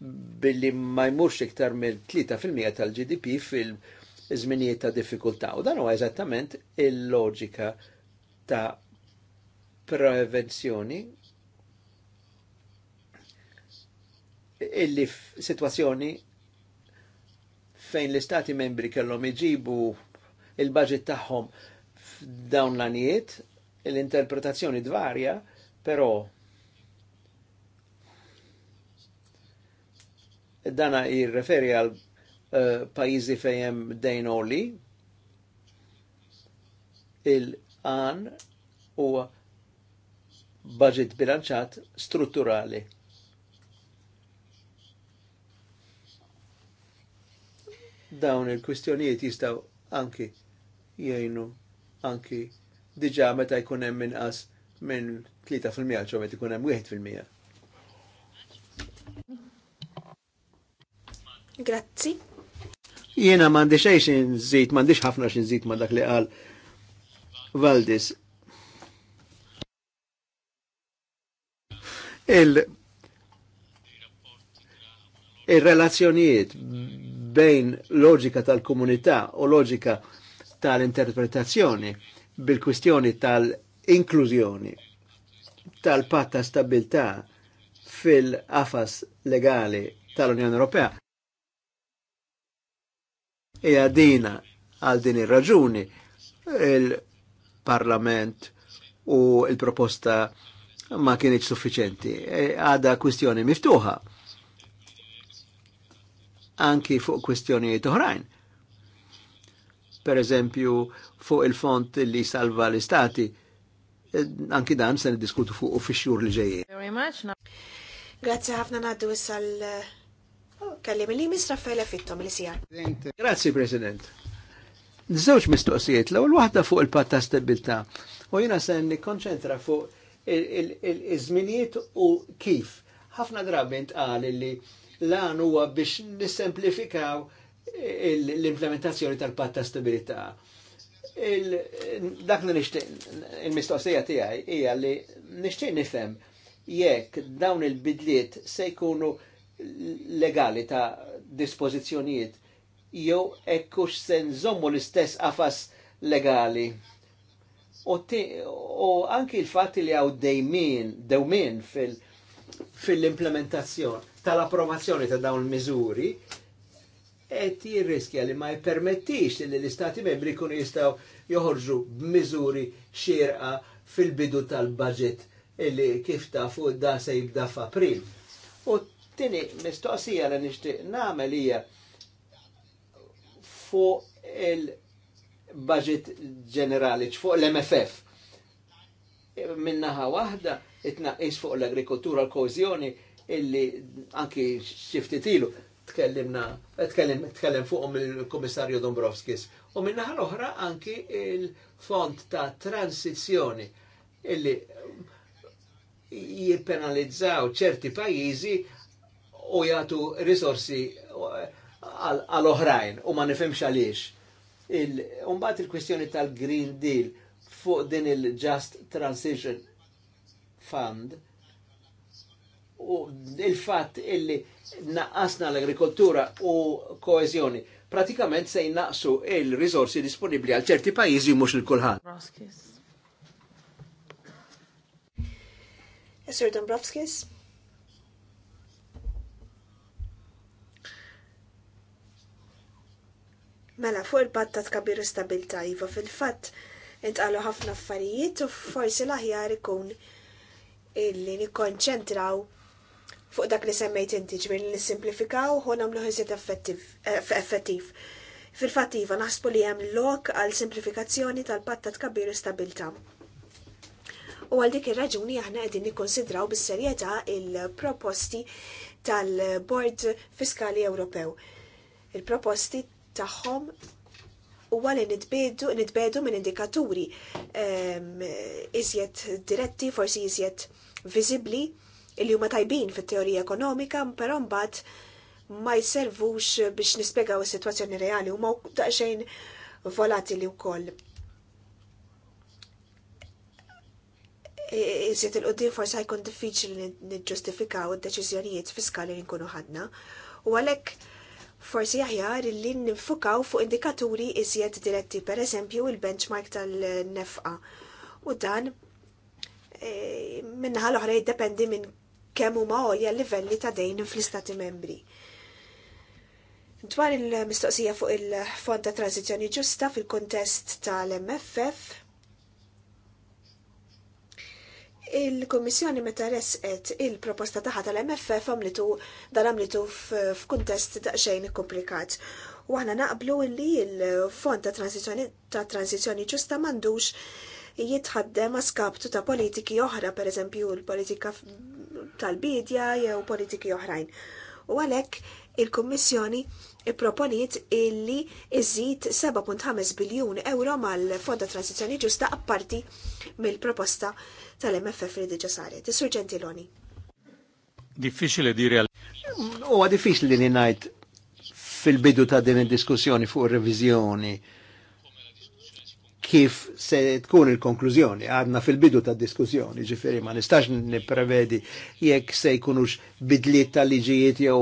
billi ma jmurx iktar mill-3% tal-GDP fil-żminijiet ta' diffikultà. U dan huwa eżattament il-loġika ta' prevenzjoni illi situazzjoni fejn l-istati membri kellhom iġibu il-budget tagħhom f'dawn l-anijiet, l-interpretazzjoni dvarja, però dana jirreferi għal uh, pajizi fejem dejn oli, il-għan u budget bilanċat strutturali. Dawn il-kwistjonijiet jistaw anki jajnu anki diġa meta jkun hemm inqas minn 3% ċo meta jkun hemm 1%. Grazzi. Jiena mandi xej xin zit, mandi ħafna xin zit ma dak li għal Valdis. Il il-relazzjonijiet bejn loġika tal-komunità u loġika tal-interpretazzjoni bil-kwistjoni tal-inklużjoni tal-patta stabilità fil-qafas legali tal-Unjoni Ewropea E għadina għal din il raġuni il-Parlament u il-proposta ma kienieċ suffiċenti. E, għada kwistjoni miftuħa. Anki fuq kwistjonijiet oħrajn. Per eżempju, fuq il-font li salva l-istati, e, anki dan se diskutu fuq u fix li ġejjin. Grazie ħafna naddu issa l kellim li mis Raffaele Fittom li sijar. Grazzi, President. Żewġ mistoqsijiet, l-ewwel waħda fuq il-patta stabilta. U jiena se nikkonċentra fuq iż-żminijiet u kif. Ħafna drabi ntqal li lan huwa biex nissemplifikaw l-implementazzjoni tal-patta stabilità dak li nixtieq il-mistoqsija tiegħi hija li nixtieq nifhem jekk dawn il-bidliet se jkunu legali ta' dispożizzjonijiet jew ekkux se nżommu l-istess afas legali. U anki l fat li għaw dejmin, dejmin fil-implementazzjoni fil tal-approvazzjoni ta' dawn il-miżuri et jirriskja li ma jpermettix li l-istati membri kunu jistaw joħorġu b'miżuri xirqa fil-bidu tal-budget illi kif tafu da se jibda f'April. U Tini, mistoqsija li nixtieq nagħmel hija fuq il-budget ġenerali, fuq l-MFF. Minnaħa waħda, itnaqis fuq l-agrikoltura l-kozjoni illi anki xiftitilu tkellimna, tkellim, tkellim fuqhom il-Komissarju Dombrovskis. U minnaħa l-oħra anki il-fond ta' transizjoni illi jippenalizzaw ċerti pajjiżi u jgħatu risorsi eh, għal oħrajn u ma nifimx għaliex. Umbat il-kwestjoni tal-Green Deal fuq din il-Just Transition Fund u il-fatt illi naqqasna l-agrikoltura u koezjoni pratikament se jnaqsu il-rizorsi disponibli għal ċerti pajjiżi mhux il kulħan Sir Dombrovskis. Mela, fuq il-patt ta' tkabir stabilta' iva fil-fatt intqalu ħafna affarijiet u forsi l-aħjar ikun illi nikkonċentraw fuq dak li semmejt inti ġbir li nisimplifikaw u nagħmlu ħiżiet eh, effettiv. Fil-fatt iva naħsbu li hemm lok għal simplifikazzjoni tal battat ta' tkabbir u stabilta' u għal dik ir-raġuni aħna qegħdin nikkonsidraw bis-serjetà il-proposti tal-Bord Fiskali Ewropew. Il-proposti tagħhom huwa li nitbedu nitbedu minn indikaturi ehm, iżjed diretti, forsi iżjed viżibbli li huma tajbin fit-teorija ekonomika, però mbagħad ma jservux biex nispjegaw is-sitwazzjoni reali huma daqsxejn volatili wkoll. Iżjed il-qudiem forsi jkun diffiċli niġġustifikaw id-deċiżjonijiet fiskali li nkunu ħadna. U għalhekk forsi aħjar li ninfukaw fuq indikaturi iżjed diretti, per eżempju il-benchmark tal-nefqa. U dan e, minnaħa l-oħra jiddependi minn kemm huma għolja livelli ta' dejn fl-istati membri. Dwar il-mistoqsija fuq il-Fond ta' Transizzjoni Ġusta fil-kontest tal-MFF, Il-Kommissjoni meta resqet il-proposta taħat tal-MFF għamlitu dan għamlitu f'kuntest daqsxejn komplikat. U aħna naqblu li il-Fond ta' Transizjoni ta' Transizjoni ġusta mandux jitħaddem ma' skaptu ta' politiki oħra, per eżempju l-politika tal-bidja jew politiki oħrajn. U għalhekk il-Kummissjoni proponiet illi iżid 7.5 biljun euro mal-Fonda Transizjoni Ġusta apparti mill-proposta tal-MFF li diġa saret. Sur Gentiloni. Diffiċli di real. Huwa diffiċli li ngħid fil-bidu ta' din id-diskussjoni fuq ir-reviżjoni kif se tkun il-konklużjoni. Għadna fil-bidu ta' diskussjoni, ġifiri, ma nistax niprevedi jekk se jkunux bidliet tal-liġijiet jew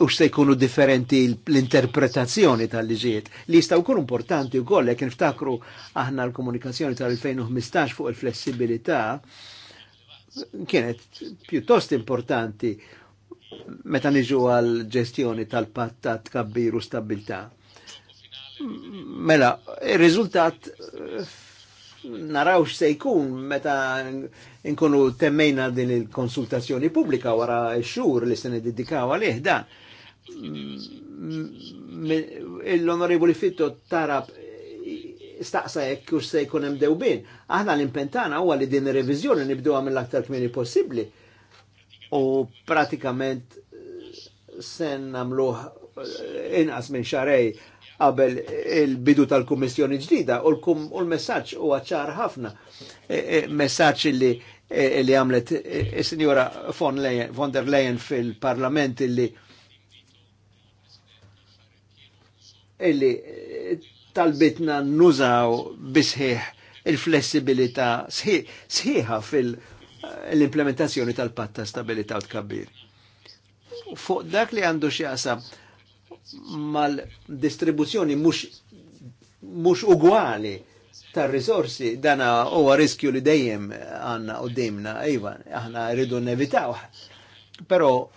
u se jkunu differenti l-interpretazzjoni tal-liġijiet. Li jistaw kun importanti u koll, jekk niftakru aħna l-komunikazzjoni tal-2015 fuq il-flessibilità, kienet pjuttost importanti meta niġu għal ġestjoni tal-pattat kabbiru stabilta' Mela, il-rizultat narawx se jkun meta nkunu temmejna din il-konsultazzjoni pubblika wara xhur li se neddikaw għalih dan. L-Onorevoli Fitto tarab staqsa jekk u se jkun hemm dewbin. Aħna l-impentana huwa li din ir-reviżjoni nibduha mill-aktar kmieni possibbli. U pratikament eh, sen nagħmluh eh, inqas minn xarej qabel il-bidu tal-Kummissjoni ġdida u l-messaġġ huwa ċar ħafna. E, e, messaġġ li e, li għamlet il-Sinjora von der Leyen fil-Parlament illi illi talbitna nużaw bisħiħ il-flessibilità sħiħa fil-implementazzjoni tal-patta stabilità u tkabbir. Fuq dak li għandu xieqsam mal-distribuzzjoni mux, mux ugwali tar risorsi dana huwa riskju li dejjem għanna u dejmna, iva, aħna rridu nevitaw. Pero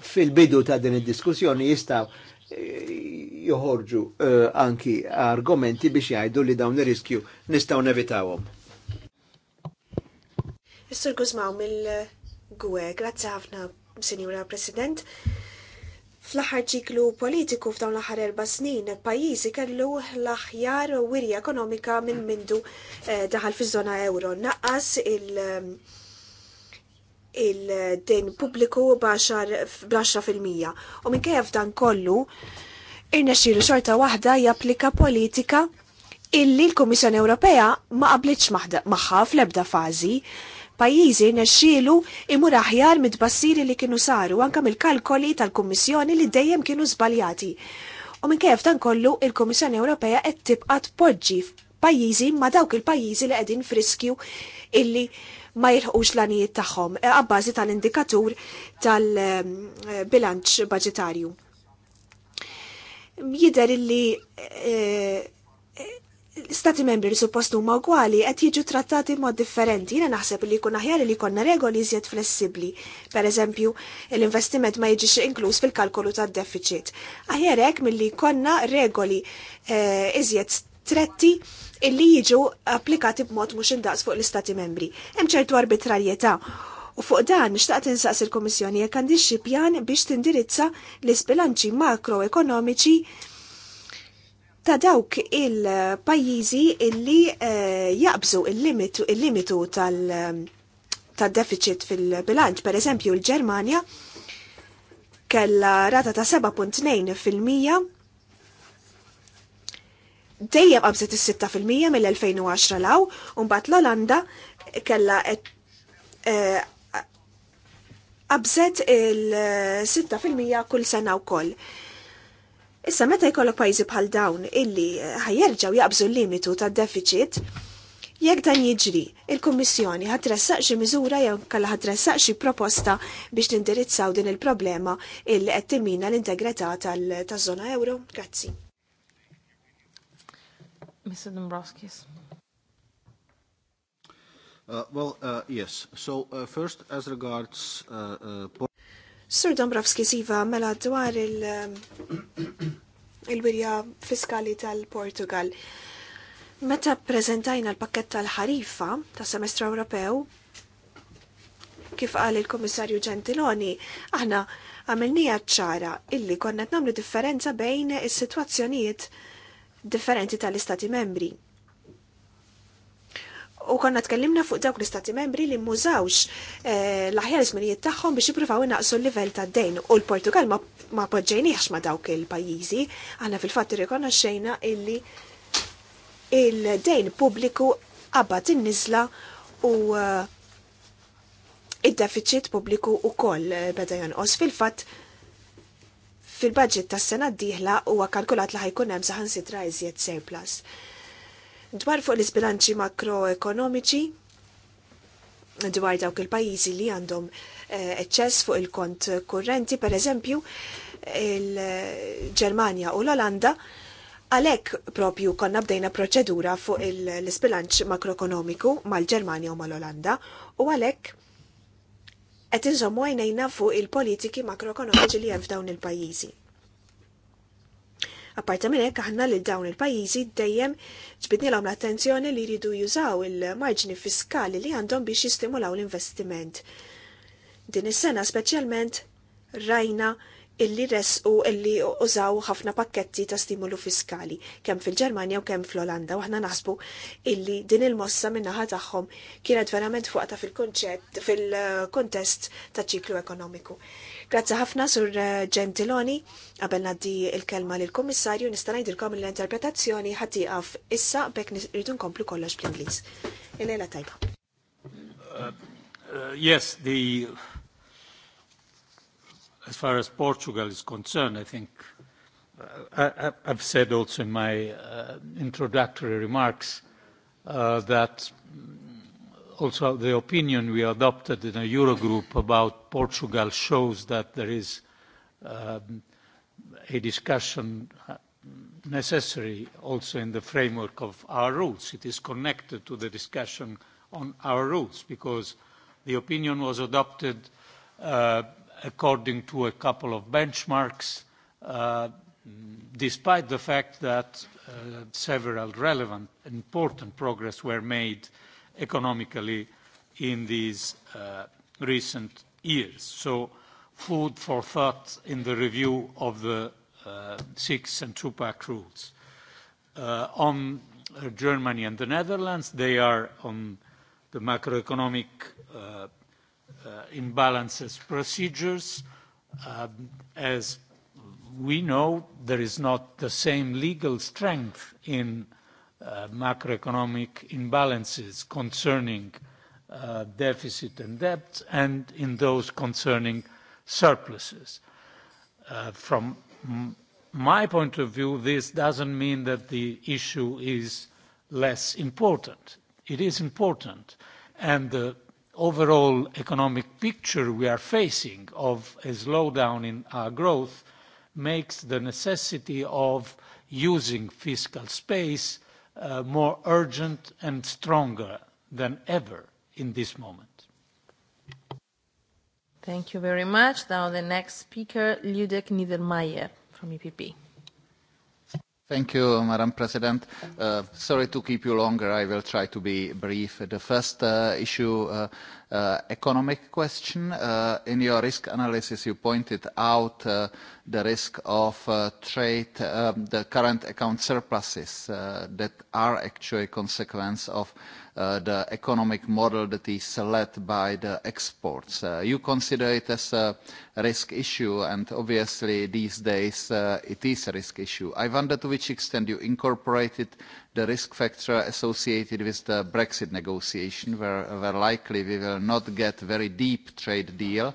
fil-bidu ta' din id-diskussjoni jistaw eh, joħorġu uh, anki argumenti biex jgħidu li dawn ir-riskju nistaw nevitawhom. Is-Sur Guzmaw mill-Gwe, grazzi ħafna, Sinjura President. Fl-aħħar ċiklu politiku f'dawn l-aħħar erba' snin, pajjiżi kellu l-aħjar wirja ekonomika minn mindu eh, daħal fiż-żona euro. Naqqas il- il-din pubbliku b'10 fil-mija. U minn kif dan kollu, xiru xorta waħda japplika politika illi l-Kummissjoni Ewropea ma qablitx maħħa fl-ebda fażi pajjiżi nexxielu imur aħjar mid-bassiri li kienu saru anka mill-kalkoli tal-Kummissjoni li dejjem kienu żbaljati. U minn kif dan kollu il-Kummissjoni Ewropea qed tibqa' tpoġġi pajjiżi ma' dawk il-pajjiżi li qegħdin friskju illi ma jirħuġ l-anijiet tagħhom eh, għabbażi tal-indikatur tal-bilanċ budgetarju. Jider illi eh, stati membri li suppost huma ugwali qed jiġu trattati mod differenti. Jiena naħseb li jkun aħjar li jkollna regoli iżjed flessibbli. Pereżempju, l-investiment ma jiġix inkluż fil-kalkolu tad-deficit. Aħjar hekk milli jkollna regoli eh, iżjed tretti illi jiġu applikati b'mod mhux indaqs fuq l-istati membri. Hemm ċertu arbitrarjetà U fuq dan nixtaqt insaqs il-Komissjoni jekk għandix xi pjan biex tindirizza l-isbilanċi makroekonomiċi ta' dawk il-pajjiżi illi eh, jaqbżu il-limitu il-limitu tal-deficit fil-bilanċ. Per eżempju, l-Ġermanja kella rata ta' 7.2 fil-mija dejjem qabżet is-6 fil-mija mill-2010 law, mbagħad l-Olanda kella eh, qabżet il-6 fil-mija kull sena wkoll. koll Issa meta jkollok pajjiżi bħal dawn illi eh, ħajerġaw jaqbżu l-limitu tad-deficit, Jekk dan jiġri, il-Kummissjoni ħatressaq xi miżura jew kalla ħatressaq xi proposta biex nindirizzaw din il-problema illi qed timina l-integrità taż-żona euro? Grazzi. Mr. Dombrovskis. Uh, well, uh, yes. So, uh, first, as regards... Uh, uh, Sur Dombrovski siva mela dwar il-wirja fiskali tal-Portugal. Meta prezentajna l-pakket tal-ħarifa ta' semestru Ewropew, kif qal il-Komissarju Gentiloni, aħna għamilnija ċara illi konna namlu differenza bejn is-sitwazzjonijiet differenti tal-Istati membri u konna tkellimna fuq dawk l-istati membri li mużawx eh, l-aħjar żminijiet tagħhom biex jippruvaw inaqsu l-livell ta' dejn u l-Portugal ma poġġejniex ma dawk il-pajjiżi, aħna fil-fatt irrikonoxxejna illi il-dejn pubbliku qabad in-niżla u eh, id-deficit pubbliku koll eh, beda jonqos fil-fatt fil-budget tas-sena d-dieħla huwa kalkulat li ħajkun hemm saħansitra iżjed surplus. Dwar fuq l-isbilanċi makroekonomiċi, dwar dawk il-pajjiżi li għandhom eh, eċċess fuq il-kont kurrenti, per eżempju, il-Ġermanja u l-Olanda, għalek propju konna bdejna proċedura fuq l-isbilanċ makroekonomiku mal-Ġermanja u mal-Olanda u għalek qed inżommu għajnejna fuq il-politiki makroekonomiċi li hemm f'dawn il-pajjiżi. Apparta minn hekk aħna li dawn il-pajjiżi dejjem ġbidnilhom l-attenzjoni li jridu jużaw il-marġni fiskali li għandhom biex jistimulaw l-investiment. Din is-sena speċjalment rajna illi resqu illi użaw ħafna pakketti ta' stimolu fiskali, kemm fil-Ġermanja u kemm fl-Olanda, u aħna nasbu illi din il-mossa minnaħa tagħhom kienet verament fuqta fil-konċett fil-kontest ta' ċiklu ekonomiku. Grazzi ħafna sur eh, Gentiloni, qabel naddi il-kelma lil kummissarju nista' ngħidilkom l-interpretazzjoni ħati għaf issa bekk nirridu nkomplu kollox bl-Ingliż. Il-lejla tajba. Uh, uh, yes, the as far as Portugal is concerned, I think uh, I, I've said also in my uh, introductory remarks uh, that also the opinion we adopted in a Eurogroup about Portugal shows that there is um, a discussion uh, necessary also in the framework of our rules. It is connected to the discussion on our rules because the opinion was adopted uh, according to a couple of benchmarks, uh, despite the fact that uh, several relevant, important progress were made economically in these uh, recent years. So food for thought in the review of the uh, six and two-pack rules. Uh, on uh, Germany and the Netherlands, they are on the macroeconomic uh, uh, imbalances procedures. Um, as we know, there is not the same legal strength in uh, macroeconomic imbalances concerning uh, deficit and debt and in those concerning surpluses. Uh, from my point of view, this doesn't mean that the issue is less important. It is important. And the overall economic picture we are facing of a slowdown in our growth makes the necessity of using fiscal space uh, more urgent and stronger than ever in this moment. Thank you very much. Now the next speaker, Ludek Niedermayer from EPP. Thank you, Madam President. Uh, sorry to keep you longer. I will try to be brief. The first uh, issue uh, uh, economic question. Uh, in your risk analysis, you pointed out uh, the risk of uh, trade, um, the current account surpluses uh, that are actually a consequence of uh, the economic model that is led by the exports. Uh, you consider it as a risk issue, and obviously these days uh, it is a risk issue. I wonder to which extent you incorporated the risk factor associated with the Brexit negotiation, where, where likely we will not get a very deep trade deal,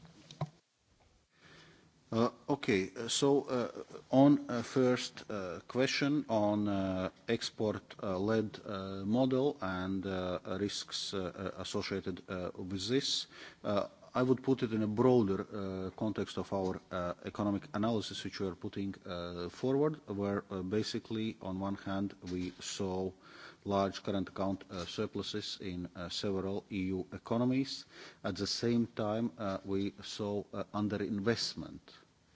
Uh, okay, uh, so uh, on uh, first uh, question on uh, export-led uh, uh, model and uh, risks uh, uh, associated uh, with this, uh, I would put it in a broader uh, context of our uh, economic analysis which we are putting uh, forward, where uh, basically on one hand we saw large current account uh, surpluses in uh, several EU economies. At the same time, uh, we saw uh, underinvestment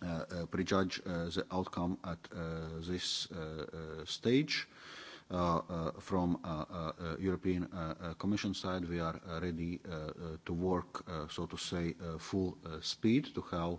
uh, uh, prejudge uh, the outcome at uh, this uh, uh, stage. Uh, uh, from uh, uh, uh European uh, uh, Commission side, we are uh, ready uh, uh, to work, uh, so to say, uh, full uh, speed to how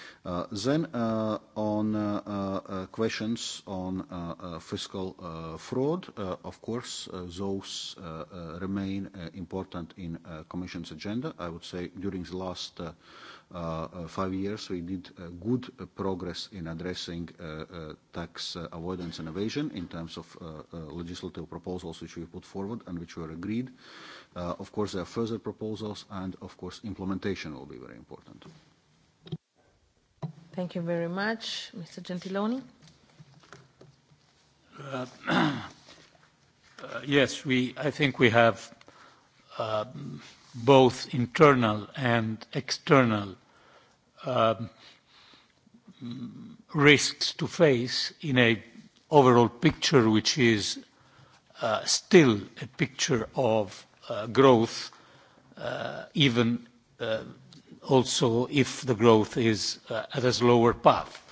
Uh, then uh, on uh, uh, questions on uh, uh, fiscal uh, fraud, uh, of course, uh, those uh, uh, remain uh, important in uh, Commission's agenda. I would say during the last uh, uh, uh five years we did uh, good uh, progress in addressing uh, uh, tax uh, avoidance and evasion in terms of uh, uh, legislative proposals which we put forward and which were agreed. Uh, of course, there are further proposals and, of course, implementation will be very important. Thank you very much. Mr. Gentiloni? Uh, uh, yes, we, I think we have uh, both internal and external uh, risks to face in a overall picture which is uh, still a picture of uh, growth uh, even uh, also if the growth is uh, at a slower path.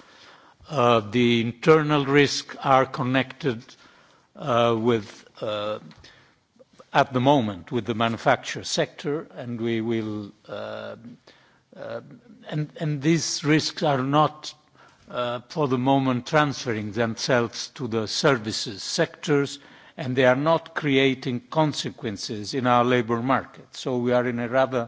Uh, the internal risks are connected uh, with, uh, at the moment, with the manufacture sector, and we will, uh, uh, and, and these risks are not uh, for the moment transferring themselves to the services sectors, and they are not creating consequences in our labor market. So we are in a rather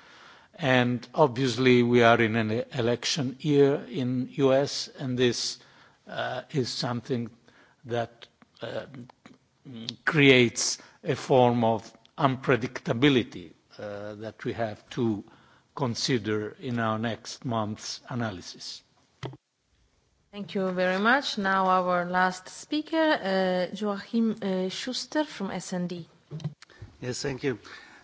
And obviously we are in an election year in US and this uh, is something that uh, creates a form of unpredictability uh, that we have to consider in our next month's analysis. Thank you very much. Now our last speaker, uh, Joachim uh, Schuster from SND. Yes, thank you.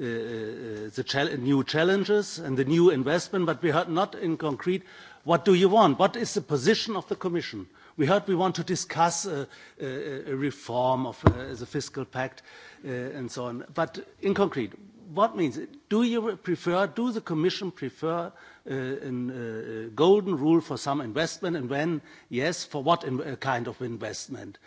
Uh, uh, uh, the chal new challenges and the new investment, but we heard not in concrete what do you want? What is the position of the Commission? We heard we want to discuss a, a, a reform of uh, the fiscal pact uh, and so on. But in concrete, what means it? Do you prefer, do the Commission prefer uh, a uh, golden rule for some investment and when, yes, for what in, uh, kind of investment? Uh,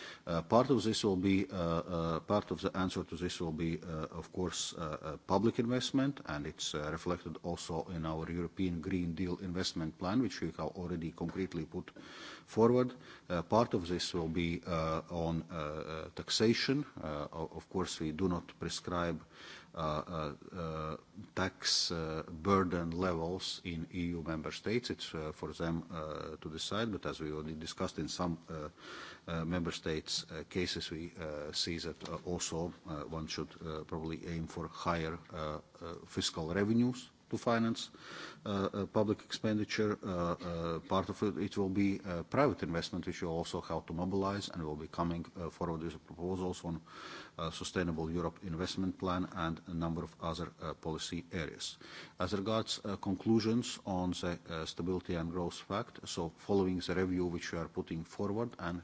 Uh, part of this will be, uh, uh, part of the answer to this will be, uh, of course, uh, uh, public investment, and it's uh, reflected also in our European Green Deal investment plan, which we have already concretely put forward. Uh, part of this will be uh, on uh, uh taxation. Uh, of course, we do not prescribe uh, Uh, uh, uh, tax uh, burden levels in EU member states. It's uh, for them uh, to decide, but as we already discussed in some uh, uh, member states' uh, cases, we uh, see that uh, also uh, one should uh, probably aim for higher uh, uh, fiscal revenues to finance uh, uh, public expenditure. Uh, uh, part of it, it will be uh, private investment, which will also how to mobilize and will be coming uh, forward with proposals on uh, Sustainable Europe Investment Plan and a number of other uh, policy areas. As regards uh, conclusions on the uh, Stability and Growth Pact, so following the review which we are putting forward and uh,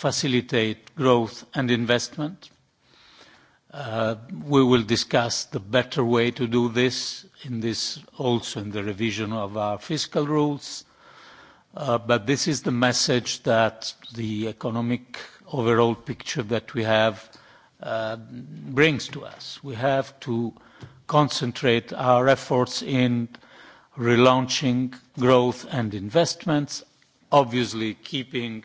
facilitate growth and investment. Uh, we will discuss the better way to do this in this also in the revision of our fiscal rules. Uh, but this is the message that the economic overall picture that we have uh, brings to us. We have to concentrate our efforts in relaunching growth and investments, obviously keeping